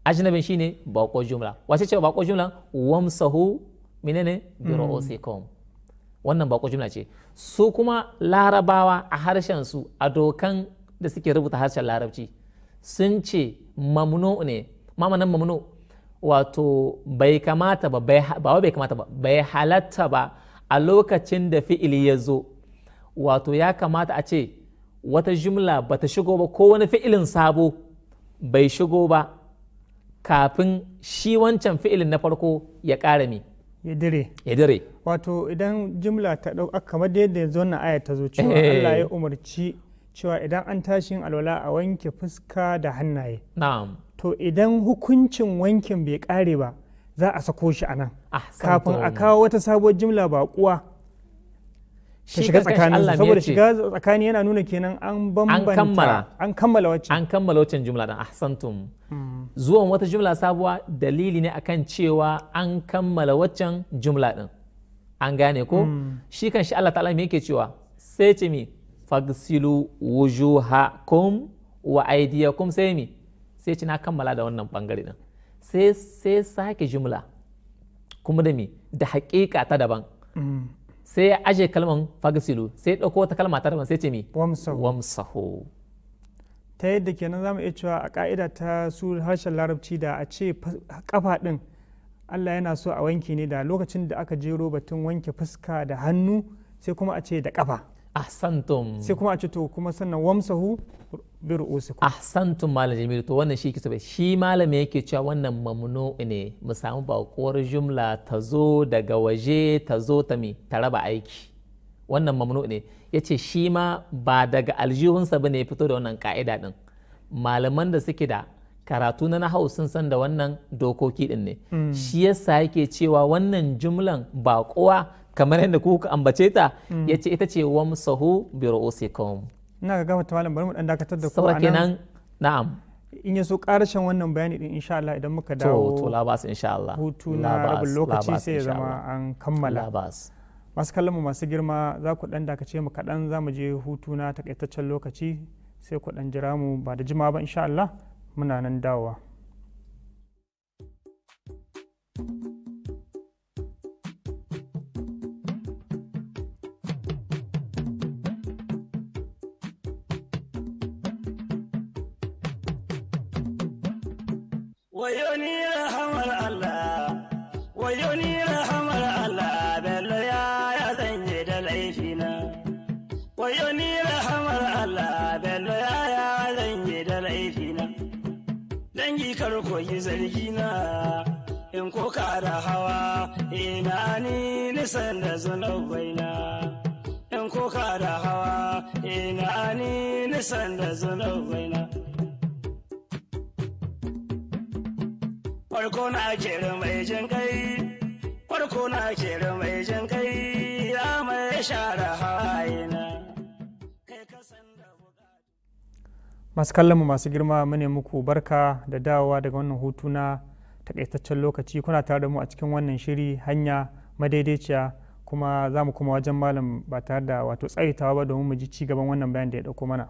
ajnabin shine bakuwar jumla wace ce bakuwar jumla wamsahu menene bi ru'usikum hmm. wannan bako jumla ce su kuma larabawa a harshen su a dokan da suke rubuta harshen larabci sun ce mamnu ne mamanan mamnu wato bai kamata ba ba bai kamata ba bai halatta ba a lokacin da fi'ili ya zo wato ya kamata a ce wata jumla ba ta shigo ba ko wani fi'ilin sabo bai shigo ba kafin shi wancan fi'ilin na farko ya ƙara mi. ya dire wato idan jimla ta ɗauka kamar da yadda yanzu wannan aya ta zo cewa eh. Allah ya umarci cewa idan an tashi alwala a wanke fuska da hannaye na'am to idan hukuncin wankin bai kare ba za a sako shi a nan kafin a kawo wata sabuwar jimla ba kuwa ta shiga tsakanin saboda shiga tsakani yana nuna kenan an bambanta an kammala wacce an kammala waccan jumla dan ahsantum hmm. zuwan wata jumla sabuwa dalili ne akan cewa an kammala waccan jumla din an gane ko hmm. shi kan shi Allah ta'ala me yake cewa sai ce mi fagsilu wujuhakum wa aydiyakum sai mi sai ce na kammala da wannan bangare din sai sai sake jumla kuma da mi da haƙiƙa ta daban hmm. sai ya aje kalman fagsilu sai ɗauko wata kalma ta daban sai ce mi wamsahu ta yadda kenan zamu iya cewa a ka'ida ta su harshen larabci da a ce kafa din Allah yana so a wanke ne da lokacin da aka jero batun wanke fuska da hannu sai kuma a ce da kafa ahsantum sai kuma a ce to kuma sannan wamsahu bi ru'usikum ahsantum malam jamilu to wannan shi sabai shi malam yake cewa wannan mamnu ne mu samu bakuwar jumla ta zo daga waje ta zo ta mi ta raba aiki wannan mamnu ne yace shi ma ba daga aljihunsa bane ya fito da wannan ka'ida din malaman da suke da karatu na nahawu sun san da wannan dokoki din ne hmm. shi yasa yake cewa wannan jumlan ba kowa kamar yadda kuka ambace ta hmm. Ya ce ita ce wamsahu bi ru'usikum ina ga gafata tamalin bari mu dan dakatar da ku nan na'am in yaso karshen wannan bayani din insha Allah idan muka dawo to labas insha Allah hutu na rabu lokaci sai ya zama an kammala labas masu kallon mu masu girma za ku dan dakace mu kaɗan za mu je hutu na takaitaccen lokaci sai ku dan jira mu ba da jima ba insha Allah muna nan dawowa Wayoni Allah, wayoni yi zargi na, in ko da hawa ina ni nisan da na. in ko da hawa ina ni nisan da na. farko na kere mai jin kai farko na kere mai jin kai ya mai share ina masu kallonmu masu girma mune muku barka da dawowa daga wannan hutu na takaitaccen lokaci kuna tare da mu a cikin wannan shiri hanya madaidaiciya kuma za mu kuma wajen malam ba tare da wato tsaitawa ba domin mu ji ci gaban wannan bayan da ya dauko mana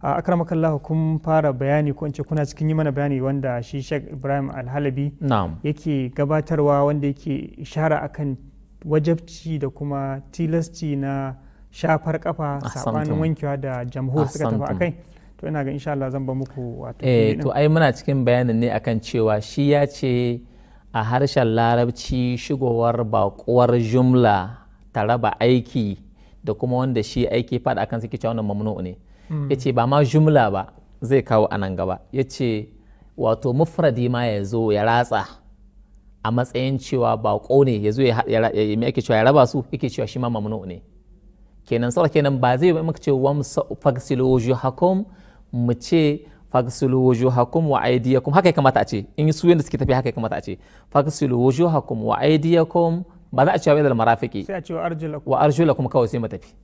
a akramakallah kun fara bayani ko ce kuna cikin yi mana bayani wanda shi Sheikh Ibrahim Alhalabi yake gabatarwa wanda yake ishara akan wajabci da kuma tilasci na shafar kafa sabanin wankewa da jamhur suka tafi akai to ina ga insha Allah zan ba muku wato eh to ai muna cikin bayanin ne akan cewa shi ya ce a harshen larabci shigowar bakuwar jumla ta raba aiki da kuma wanda shi aiki fada akan suke cewa wannan mamnu ne hmm. yace ba ma jumla ba zai kawo anan gaba yace wato mufradi ma ya zo ya ratsa a matsayin cewa bako ne ya zo yake cewa ya raba su yake cewa shi ma mamnu ne kenan saura kenan ba zai ba muka ce wam mu ce wajo hakum wa aydiyakum haka ya kamata a ce in su yanda suke tafi haka ya kamata a ce wajo hakum wa aydiyakum ba za a ce wa ilal marafiki sai a ce wa arjula wa kawai sai mu tafi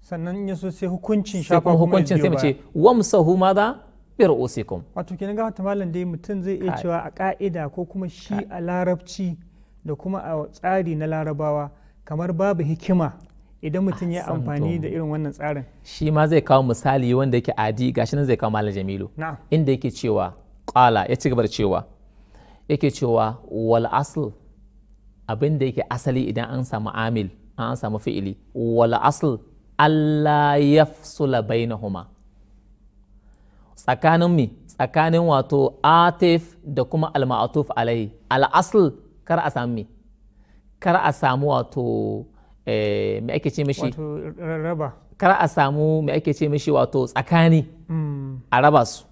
sannan in yaso sai hukuncin shafa kuma hukuncin sai mu ce wamsahu za bi ru'usikum wato kenan ga malam dai mutum zai iya cewa a ka'ida ko kuma shi a larabci da kuma a tsari na larabawa kamar babu hikima idan mutum ya amfani da irin wannan tsarin shi ma zai kawo misali wanda yake adi gashi nan zai kawo malam jamilu inda yake cewa qala ya ci gaba da cewa yake cewa wal asl abin da yake asali idan an samu amil an samu fi'ili wal asl Allah ya fsula bainahuma tsakanin mi tsakanin wato atif da kuma alma'atuf alai al'asl kar a sami kar a samu wato Eh, me ake ce mishi kar a samu me ake ce mishi wato tsakani hmm. a raba su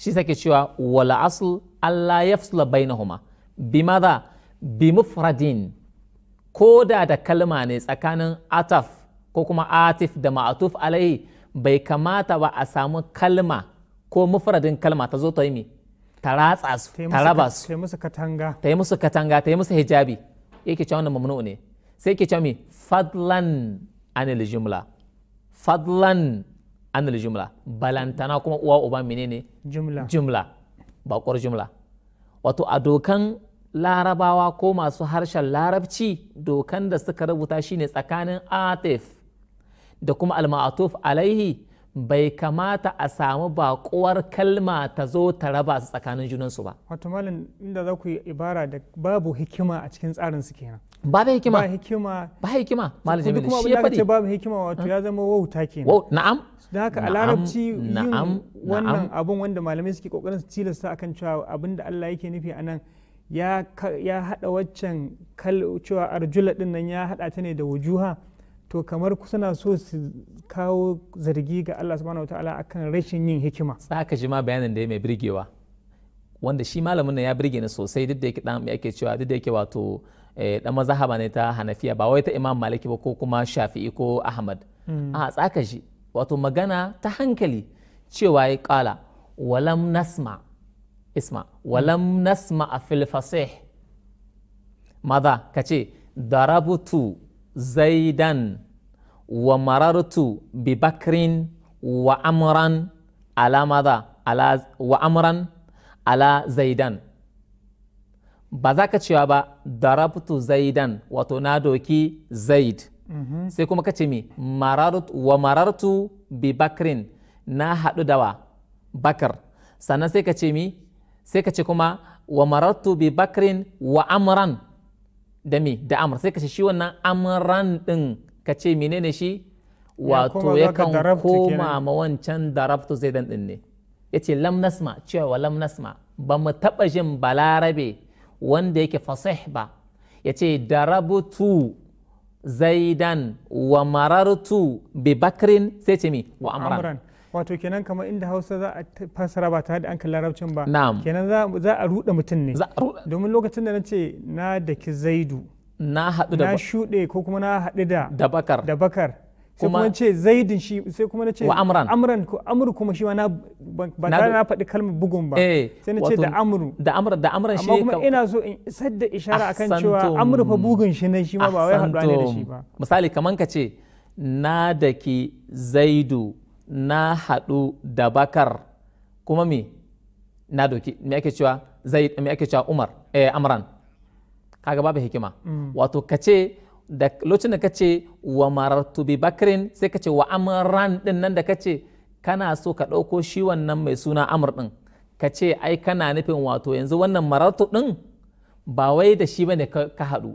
shi sake cewa wala asl Allah ya fusula bainahuma bi maza bi mufradin ko da da kalma ne tsakanin ataf ko kuma atif da ma'atuf alai bai kamata ba a samu kalma ko mufradin kalma ta zo ta yi ta ratsa su ta raba su ta yi musu katanga ta yi musu hijabi yake cewa wannan mamnu ne sai ke cewa mi fadlan anil jumla fadlan anil jumla balantana kuma uwa uba menene jumla jumla bakwar jumla wato a dokan larabawa ko masu harshen larabci dokan da suka rubuta shine tsakanin atif da kuma alma'atuf alaihi bai kamata a samu bakuwar kalma ta zo ta raba su tsakanin junansu ba. Wato malin inda za ku yi ibara da babu hikima a cikin tsarin su kenan. babu hikima ba hikima ba hikima malam jamilu shi ya fadi babu hikima wato ya zama wauta nan na'am da haka a larabci yin wannan abun wanda malamai suke kokarin su tilasta akan cewa abin da Allah yake nufi anan ya ya hada waccan kal cewa arjula din nan ya hada ta ne da wujuha to kamar suna so su kawo zargi ga Allah subhanahu wataala akan rashin yin hikima saka ji ma bayanin da ya mai birgewa wanda shi malamin nan ya birge ni sosai duk da yake dan ake cewa duk da yake wato da mazhaba ne ta hanafiya ba wai ta imam maliki ba ko kuma shafi'i ko ahmad a tsaka shi wato magana ta hankali cewa ya kala walam nasma isma walam nasma a fil fasih maza ka ce darabutu zaidan wa marartu bi bakrin wa amran ala maza wa amran ala zaidan ba za ka cewa ba darabtu zaidan wato na doki zaid sai kuma ka ce mi wa marartu bi bakrin na haɗu wa bakar sannan sai ka ce mi sai ka ce kuma wa marartu bi bakrin wa amran da mi da amr sai ka ce shi wannan amran din ka ce menene shi wato yakan koma ma wancan darabtu zaidan din ne ya ce lam nasma cewa lam nasma ba mu taɓa jin balarabe wanda yake fasih ba ya ce darabutu zaidan wa marartu bi bakrin sai ce mi wa amran wato kenan kamar inda hausa za a fassara ba tare da an larabcin ba kenan za a mutum ne domin lokacin da na ce na daki zaidu na haɗu da na shuɗe ko kuma na haɗu da da bakar da bakar sai kuma ce zaidin shi sai kuma na ce amran amran amru kuma shi ma na ban tare na faɗi kalmar bugun ba eh, sai na ce da amru da amran da amran shi amma kuma ina so in isar da ishara akan cewa amru fa bugun shi ne shi ma ba wai haɗuwa ne da shi ba misali kaman ka ce na daki zaidu na haɗu da bakar kuma me na doki me ake cewa zaid me ake cewa umar eh amran kaga babu hikima mm. wato ka ce da lokacin da kace wa marartu bi bakrin sai kace wa amran din nan da kace kana so ka ɗauko shi wannan mai suna amr din kace ce ai kana nufin wato yanzu wannan marartu din ba wai da shi bane ka haɗu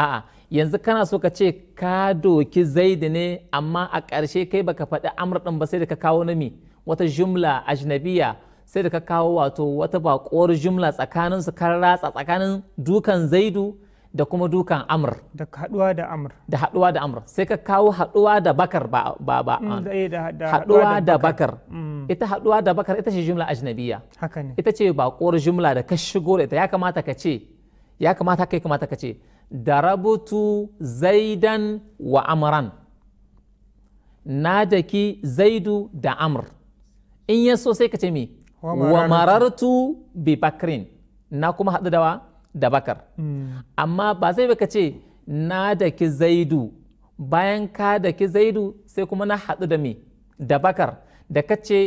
a'a yanzu kana so ka ce ka doki zaidi ne amma a ƙarshe kai baka faɗi amr din ba sai da ka kawo nami wata jumla ajnabiya sai da ka kawo wato wata baƙuwar jumla tsakaninsu kan ratsa tsakanin dukan zaidu da kuma dukan amr da haduwa da amr da haduwa da amr sai ka kawo haduwa da bakar ba ba ba mm, eh, haduwa da bakar mm. ita haduwa da bakar ita ce jumla ajnabiya haka ne ita ce bakuwar jumla da ka shigo da ita ya kamata ka ce ya kamata kai kamata ka ce darabutu zaidan wa amran na daki zaidu da amr in ya so sai ka ce mi wa marartu bi bakrin na kuma haɗu da wa da bakar amma ba zai baka ce na ki zaidu bayan ka ki zaidu sai kuma na haɗu da me da bakar da ka ce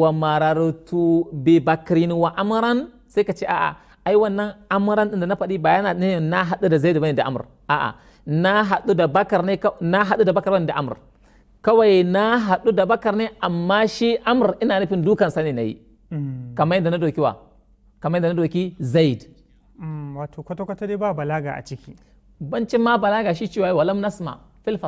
wa mararatu bi bakrin wa amran sai ka ce a'a ai wannan amran din da na faɗi ba yana ne na haɗu da zaidu bane da amr a'a na haɗu da bakar ne na haɗu da bakar da amr kawai na haɗu da bakar ne amma shi amr ina nufin dukansa ne na yi mm. kamar yadda na doki wa kamar yadda na doki zaid Mm, wato kwata-kwata dai ba balaga a ciki bancin ma balaga shi cewa walam nasma fil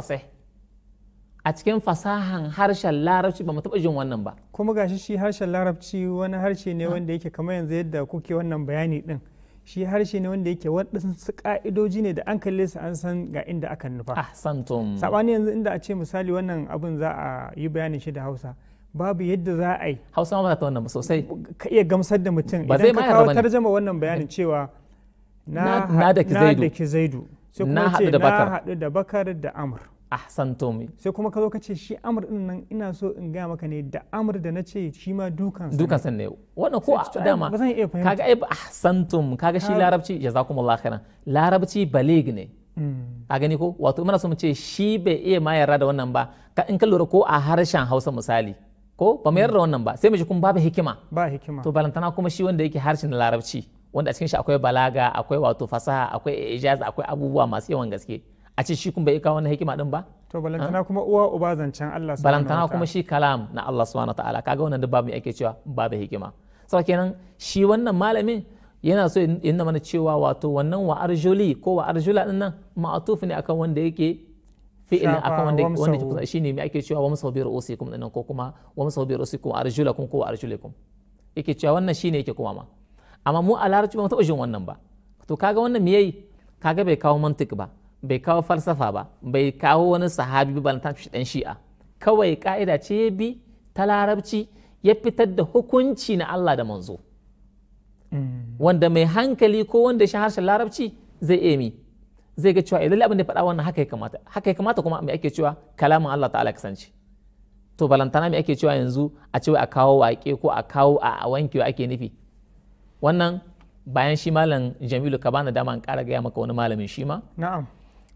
a cikin fasahan harshen larabci ba mu taɓa jin wannan ba kuma gashi shi harshen larabci wani harshe ne ah. wanda yake kamar yanzu yadda kuke wannan bayani din shi harshe ne wanda yake waɗansu ka'idoji ne da an kalle su an san ga inda aka nufa ah santum. sabani yanzu inda a ce misali wannan abin za a yi bayanin shi da Hausa babu yadda za a yi hausa ma ta wannan sosai ka iya gamsar da mutum idan ka kawo tarjama wannan bayanin cewa na da ki zaidu sai kuma ce na haɗu da bakar da amur ahsanto mai sai kuma ka zo ka ce shi amur din nan ina so in ga maka ne da amur da na ce shi ma dukan dukan san ne wannan ko a dama kaga ai ahsantum kaga shi larabci jazakumullahu khairan larabci balig ne hmm. a gani ko wato muna so mu ce shi bai iya ma yarda da wannan ba in ka lura ko a harshen Hausa misali ko ba mu yarda wannan ba sai mu ji kuma babu hikima ba hikima to balantana kuma shi wanda yake harshen larabci wanda a cikin shi akwai balaga akwai wato fasaha akwai ijaz akwai abubuwa masu yawan gaske a ce shi kuma bai kawo wannan hikima din ba to balantana kuma uwa uba zancen Allah subhanahu balantana kuma shi kalam na Allah subhanahu ta'ala kaga wannan duk babu yake cewa babu hikima sau kenan shi wannan malamin yana so yana mana cewa wato wannan wa arjuli ko wa arjula din nan ma'atuf ne akan wanda yake fi'ilin akan wanda wanda ke kusa shine me ake cewa wamsahu bi ru'usikum dinnan ko kuma wamsahu bi ru'usikum arjulakum ko arjulakum yake cewa wannan shine yake kuma ma amma mu a larabci ba mu taɓa jin wannan ba to kaga wannan me yayi kaga bai kawo mantiki ba bai kawo falsafa ba bai kawo wani sahabi ba balanta shi dan shi'a kawai ka'ida ce ya bi ta larabci ya fitar da hukunci na Allah da manzo mm. wanda mai hankali ko wanda shi harshen larabci zai emi zai ga cewa eh, idan abin da faɗa wannan haka ya kamata haka ya kamata kuma me ake cewa kalamin Allah ta'ala kasance to balantana me ake cewa yanzu a ce a kawo wake ko a kawo a wankewa ake nufi wannan bayan shi malam Jamilu ka bani dama in ƙara gaya maka wani malamin shi ma na'am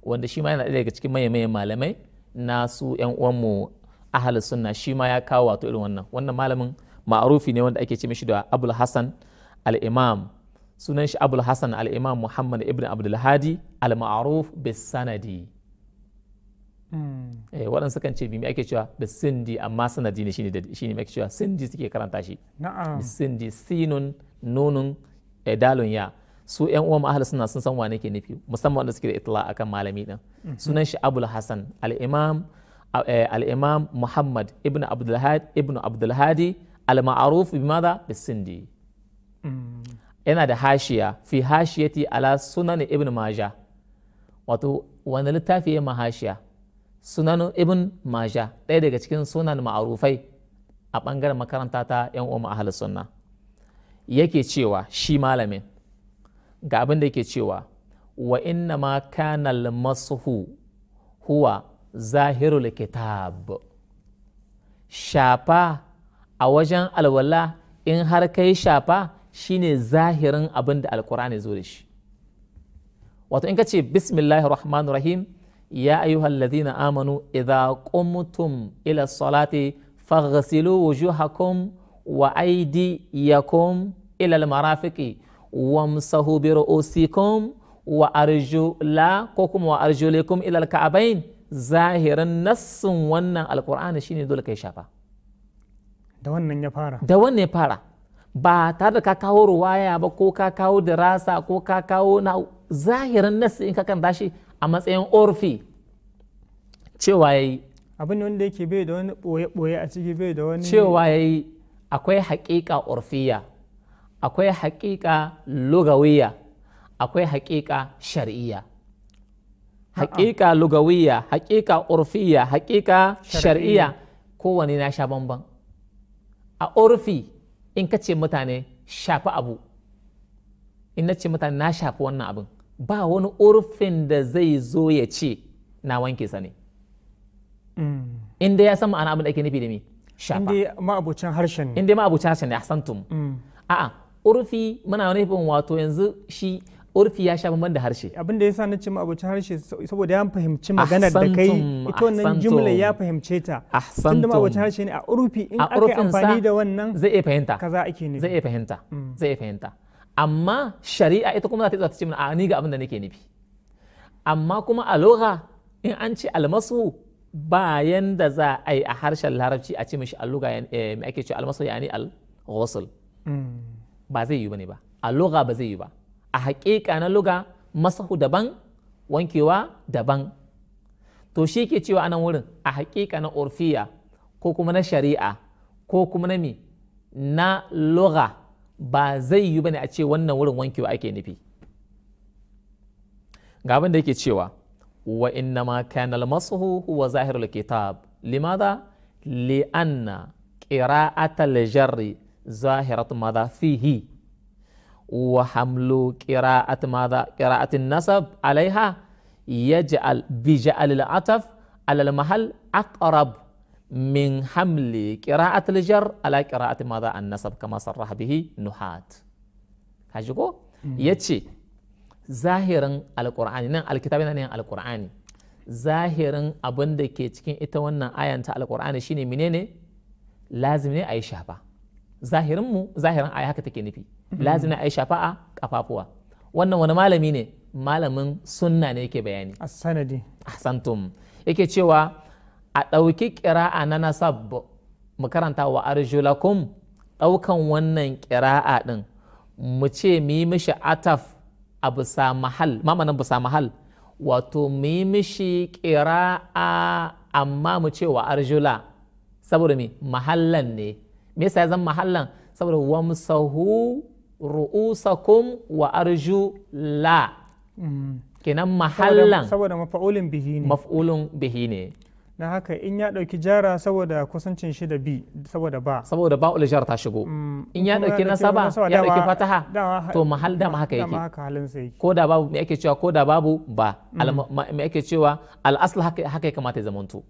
wanda shi ma yana daga cikin mayan malamai na su yan uwanmu ahal sunna shi ma ya kawo wato irin wannan wannan malamin ma'arufi ne wanda ake ce mishi da Abul Hassan al-Imam sunan shi abul hassan al'imam muhammad ibn abdulhadi al-ma'aruf bisanadi hmm. eh waɗansu kan ce bimi ake cewa bisindi amma sanadi ne shine mai cewa sindi suke karanta shi bisindi sinun nunun eh, dalun ya su ƴan uwan ahal suna sun san wane ke nufi musamman wanda suke da itla akan malami din mhm. sunan shi abul hasan al-imam eh, al-imam muhammad ibn abdulhadi ibn abdulhadi al-ma'ruf bimada bisindi hmm. yana da hashiya fi hashiyati ala sunan ibn maja wato wani littafi ya mahashiya sunan ibn maja ɗaya daga cikin sunan ma'arufai a ɓangaren makaranta ta yan umar ahal sunna yake cewa shi malamin ga abin da yake cewa wa inna ma kana masuhu huwa zahirul kitab shafa a wajen alwala in har kai shafa shine zahirin abin da alkur'ani zo da shi wato in ka ce bismillahir rahmanir rahim ya ayyuhal ladina amanu idza qumtum ila salati faghsilu wujuhakum wa aydiyakum ila almarafiqi wamsahu bi ru'usikum wa arjula ko kuma wa arjulikum ila alka'bayn zahirin nassin wannan alkur'ani shine dole kai shafa da wannan ya fara da wannan ya fara ba tare da ka kawo ruwaya ba ko ka kawo dirasa ko ka kawo na zahirin nasi in ka kan tashi a matsayin orfi cewa yi abin wanda yake bai da wani boye-boye a ciki bai da wani cewa yi akwai haƙiƙa orfiya akwai haƙiƙa lugawiya akwai haƙiƙa shari'iya. haƙiƙa lugawiya haƙiƙa orfiya haƙiƙa shari'iya, kowane na sha bamban a orfi in ka ce mutane shafi abu in na ce mutane na shafi wannan abin ba wani urfin da zai zo ya ce na wanke sa ne mm. ya san ma'ana abin da ake nufi da mi shafa in ma ma'abucin harshen ne in dai ma'abucin harshen ne asantum mm. a'a urfi muna nufin wato yanzu shi urfi ya sha bamban da harshe abin da yasa na cimma abincin harshe saboda ya fahimci maganar da kai ita wannan jumla ya fahimce ta tun ma abincin harshe ne a urfi in aka yi amfani da wannan zai iya fahimta kaza ake ne zai iya fahimta mm. zai iya fahimta amma shari'a ita kuma za ta ce mana a ni ga abin da nake nufi amma kuma a lugha in an ce almasu bayan da za a yi a harshen larabci a ce mishi a lugha eh, me ake ce almasu ni al-ghusl mm. ba zai yi ne ba a lugha ba zai yi ba a haƙiƙa na luga masahu daban wankewa daban to shi ke cewa anan wurin a haƙiƙa na orfiya ko kuma na shari'a ko kuma na mi na lugha ba zai yi bane a ce wannan wurin wankewa ake nufi ga abin da yake cewa wa inna ma kana al-masahu huwa al kitab limadha li anna al jarri zahiratu madha fihi وحمل قراءة ماذا قراءة النسب عليها يجعل بجعل العطف على المحل أقرب من حمل قراءة الجر على قراءة ماذا النسب كما صرح به نحات هاجيكو يتشي ظاهرا alkur'ani nan alkitabi nan alkur'ani zahirin abin da ke cikin ita wannan ayanta alkur'ani shine menene lazim ne a yi zahirin mu zahirin ayi haka take nufi lazina ai shafa'a kafafuwa wannan wani malami ne malamin sunna ne yake bayani as-sanadi ahsantum yake cewa a ɗauki ƙira'a na nasab mu karanta wa arjulakum ɗaukan wannan ƙira'a din mu ce mu mishi ataf a bisa mahal Mamanan bisa mahal wato mu mishi qira'a amma mu ce wa arjula saboda mi mahallan ne me yasa ya zama mahallan saboda wamsahu ru'usakum wa arju la kenan mahallan saboda mafa'ulin bihi ne maf'ulun bihi ne na haka in ya dauki jara saboda kusancin shi da bi saboda ba saboda ba ul jar ta shigo mm, in ya dauki nasaba ya dauki fataha to mahal da haka yake ko da babu me ake cewa ko da babu ba mm. me ake cewa al asl haka haka ya kamata ya zamanto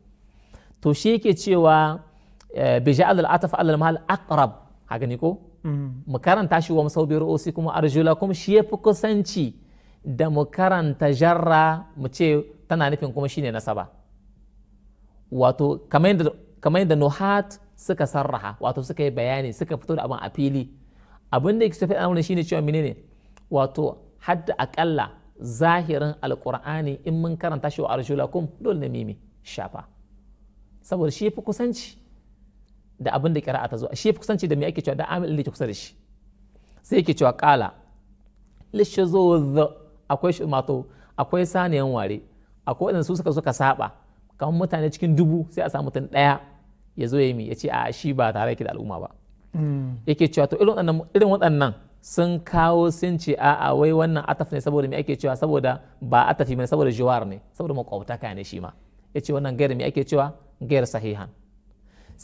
to shi yake cewa Eh, bija'al al'ataf alal mahal aqrab haka ne ko mm. mu karanta shi wa musau bi ru'usi kuma arjula kuma shi kusanci da mu karanta jarra mu ce tana nufin kuma shine nasaba wato kamar yadda nohat yadda nuhat suka sarraha wato suka yi bayani suka fito da abin a fili abin da yake so faɗa mana shine cewa menene wato hadda akalla zahirin Alƙur'ani in mun karanta shi wa kum dole ne mimi shafa saboda shi yafi kusanci da abin da kira'a ta zo shi ya fi kusanci da me ake cewa da amil da ke kusa da shi sai yake cewa kala zo akwai shi mato akwai saniyan ware akwai wadanda su suka suka saba kamar mutane cikin dubu sai a samu mutum daya ya zo ya mi ya ce a shi ba tare yake da al'umma ba hmm. yake cewa to irin waɗannan sun kawo sun ce a a wai wannan ataf ne saboda me ake cewa saboda ba atafi ne saboda jiwar ne saboda makwabtaka ne shi ma yace wannan gairar me ake cewa gairar sahihan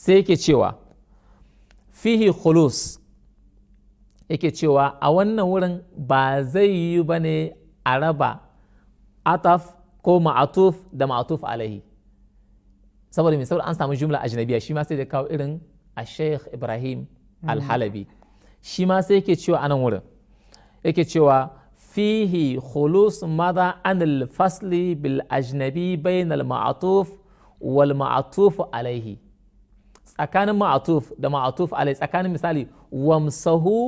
sai yake cewa fihi khulus yake cewa a wannan wurin ba zai yi ba ne a raba ataf ko ma'atuf da ma'atuf alaihi saboda mai an samu jumla ajnabiya shi ma sai da kawo irin a sheikh ibrahim hmm. alhalabi shi ma sai yake cewa anan wurin yake cewa fihi khulus mada anil fasli bil ajnabi bainal ma'atuf wal ma'atuf alaihi tsakanin ma'atuf da ma'atuf alai tsakanin misali wamsahu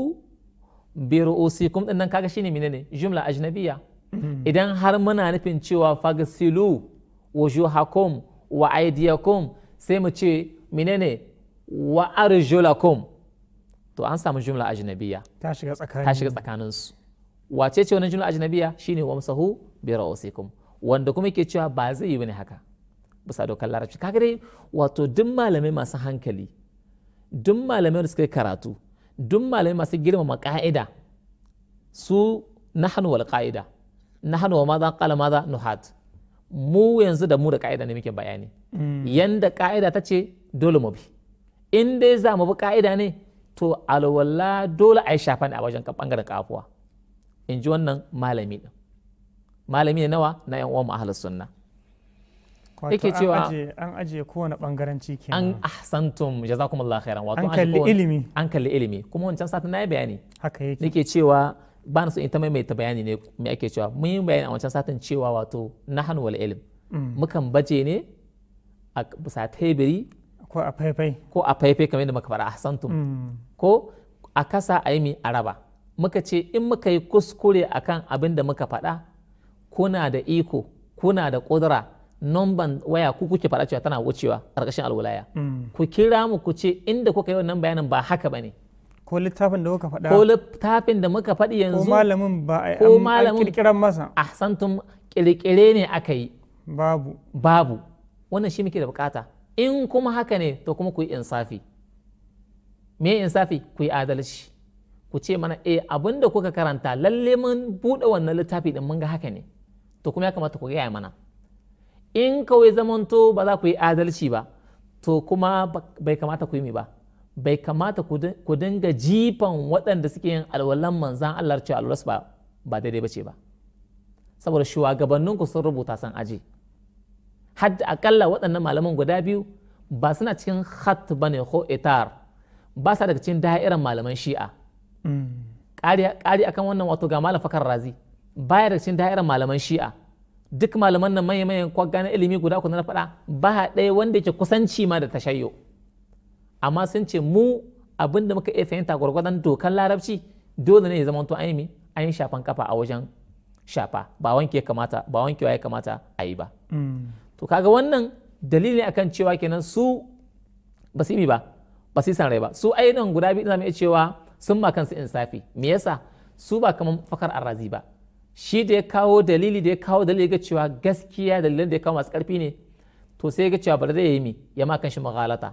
bi ru'usikum din nan kaga shine menene jumla ajnabiya mm-hmm. idan har muna nufin cewa fagsilu wujuhakum wa aydiyakum sai mu ce menene wa arjulakum to an samu jumla ajnabiya ta shiga tsakanin ta shiga tsakanin su wace ce wannan jumla ajnabiya shine wamsahu bi ru'usikum wanda kuma yake cewa ba zai yi bane haka bisa dokar larabci kaga dai wato duk malamai masu hankali duk malamai da suka yi karatu duk malamai masu girmama ka'ida su nahnu wal ka'ida nahnu wa maza qala maza nuhat mu yanzu da mu da ka'ida ne muke bayani mm. yanda ka'ida ta ce dole mu bi in dai za mu bi ka'ida ne to alwala dole a yi shafa ne a wajen bangaren kafuwa in ji wannan malami ne nawa na yan uwan mu sunna yake cewa an ajiye kowane bangaranci ke an ahsantum jazakumullahu khairan wato an kalli ilimi an kalli ilimi kuma wancan sata na yi bayani haka yake cewa ba na so in ta maimaita bayani ne me ake cewa mun yi bayani a wancan satin cewa wato nahnu wal ilim. Mm. mukan baje ne a bisa tebiri ko a faifai ko a faifai kamar yadda muka fara ahsantum mm. ko a kasa a yi a raba muka ce in muka yi kuskure akan abin da muka faɗa kuna da iko kuna da ƙudura numban waya ku kuke faɗa cewa tana wucewa ƙarƙashin alwulaya mm. ku kira mu ku ce inda kuka yi wannan bayanin ba haka ba ne ko littafin da kuka faɗa ko littafin da muka faɗi yanzu ko malamin ba ko malamin kirkiran masa ahsantum kirkire ne aka yi babu babu wannan shi muke da bukata in kuma haka ne to kuma ku yi insafi me insafi ku yi adalci ku ce mana eh abin da kuka karanta lalle mun buɗe wannan littafi din mun ga haka ne to kuma ya kamata ku gaya mana in kawai zamanto ba za ku yi adalci ba to kuma bai kamata ku yi mai ba bai kamata ku dinga jifan waɗanda suke yin alwalan manzan Allah cewa alwalas ba ba daidai bace ba saboda ku sun rubuta san aji hadda akalla waɗannan malaman guda biyu ba suna cikin hat bane ko itar ba sa daga cikin da'irar malaman shi'a kari mm. akan wannan wato ga malam razi baya daga cikin da'irar malaman shi'a duk malaman nan maye mayan kwagga na ilimi guda uku na faɗa ba ɗaya wanda yake kusanci ma da tashayyo amma sun ce mu abin da muka iya fahimta gwargwadon dokan larabci dole ne ya zama to an yi shafan kafa a wajen shafa ba wanke kamata ba wankewa ya kamata a yi ba mm. to kaga wannan dalili akan cewa kenan su ba su yi ba ba su san rai ba su ainihin guda biyu na iya cewa sun ma kansu insafi me yasa su ba kamar fakar arrazi ba shi da ya kawo dalili da ya kawo dalili ga cewa gaskiya dalilin da ya kawo masu karfi ne to sai ga cewa bar zai yi mi ya ma kan shi maghalata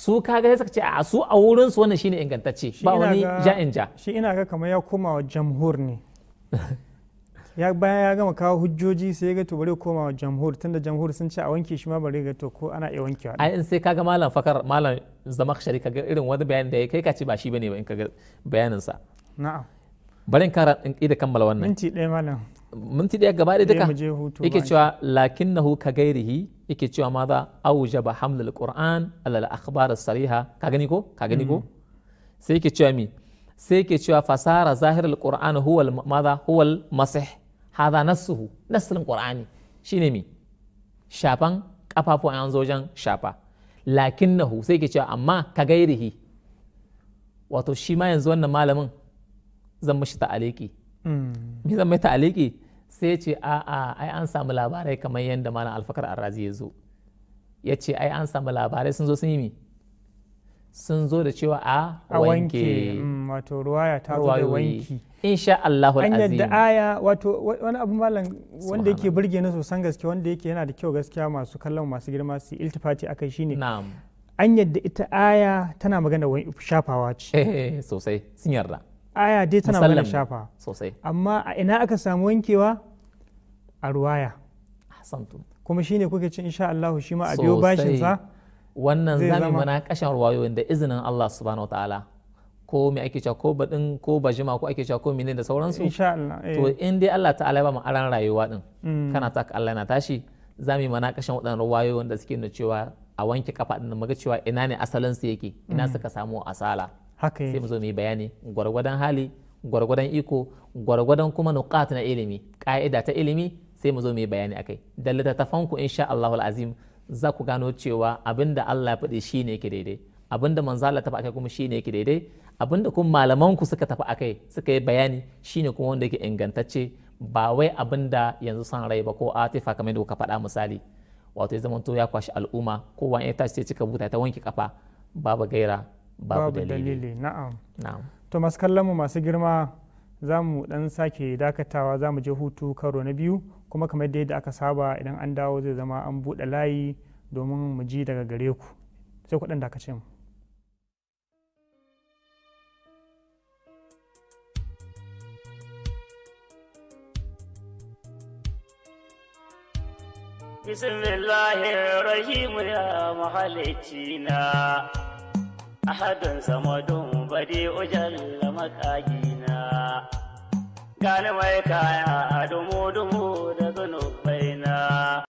su kaga sai suka ce a su a wurin su wannan shine ingantacce ba wani ja in ja shi ina ga kamar ya koma wa jamhur ne ya bayan ya gama kawo hujjoji sai ya ga to bari koma wa jamhur tunda jamhur sun ce a wanke shi ma bari ga to ko ana iya wankewa ai in sai kaga malam fakar malam Zama ka kaga irin wani bayani da ya kai ka ce ba shi bane ba in ga bayanin sa na'am Barin kara in da kammala wannan minti ɗaya malam minti ɗaya gaba ɗaya duka yake cewa lakinnahu ka gairihi yake cewa ma za aujaba hamlul qur'an alal akhbar sariha ka gani ko ka gani ko mm. sai yake cewa mi sai yake cewa fasara zahirul qur'an huwal madha huwal masih hadha nassuhu nassul qur'ani shine mi shafan kafafun an zojan shafa lakinnahu sai yake cewa amma ka gairihi wato shi ma yanzu wannan malamin zan mashi ta'aliki me mm. zan mai ta'aliki sai ce a a ai an samu labarai kamar yadda malam alfakar arrazi ya zo ya ce ai an samu labarai sun zo sun yi mi sun zo da cewa a wanke mm, wato ruwaya ta zo da wanki insha Allah azim an yadda aya wato wani abu malam wanda yake burge na sosan gaske wanda yake yana da kyau gaskiya masu kallon masu girma su iltifati akai shine na'am an yadda ita aya tana magana shafawa ce eh, eh sosai sun yarda aya dai tana mana shafa sosai amma a ina aka samu wankewa a ruwaya kuma shine kuke cin insha Allah shi ma a biyo bashin sa wannan zami mana kashin ruwayo da izinin Allah subhanahu wataala ko me ake cewa ko badin ko bajima ko ake cewa ko menene da sauransu insha Allah eh. to in dai Allah ta'ala ba mu aran rayuwa din mm. kana ta Allah na tashi zami mana kashin waɗannan ruwayo da suke nuna cewa a wanke kafa din muga cewa ina ne asalin su yake ina mm. suka samu asala haka sai mu zo mu yi bayani gwargwadon hali gwargwadon iko gwargwadon kuma nuqat na ilimi ka'ida ta ilimi sai mu zo mu yi bayani akai da littattafan ku insha Allahu azim za ku gano cewa abinda Allah ya faɗi shine yake daidai abinda manzo Allah ta akai kuma shine yake daidai abinda kuma malaman ku suka tafi akai suka yi bayani shine kuma wanda yake ingantacce ba wai abinda yanzu san rai ba ko atifa kamar da kuka faɗa misali wato ya zamanto ya kwashi al'umma kowa ya tashi sai cika buta ta wanke kafa babu gaira babu dalili na'am na'am to masu kallon mu masu girma za mu dan sake dakatawa za mu je hutu karo na biyu kuma kamar yadda aka saba idan an dawo zai zama an buɗe layi domin mu ji daga gare ku sai ku dan dakace mu Bismillahirrahmanirrahim ya mahalicci na ahadin samadun bade ujan makagina gani mai kaya a dumu-dumu da zunubaina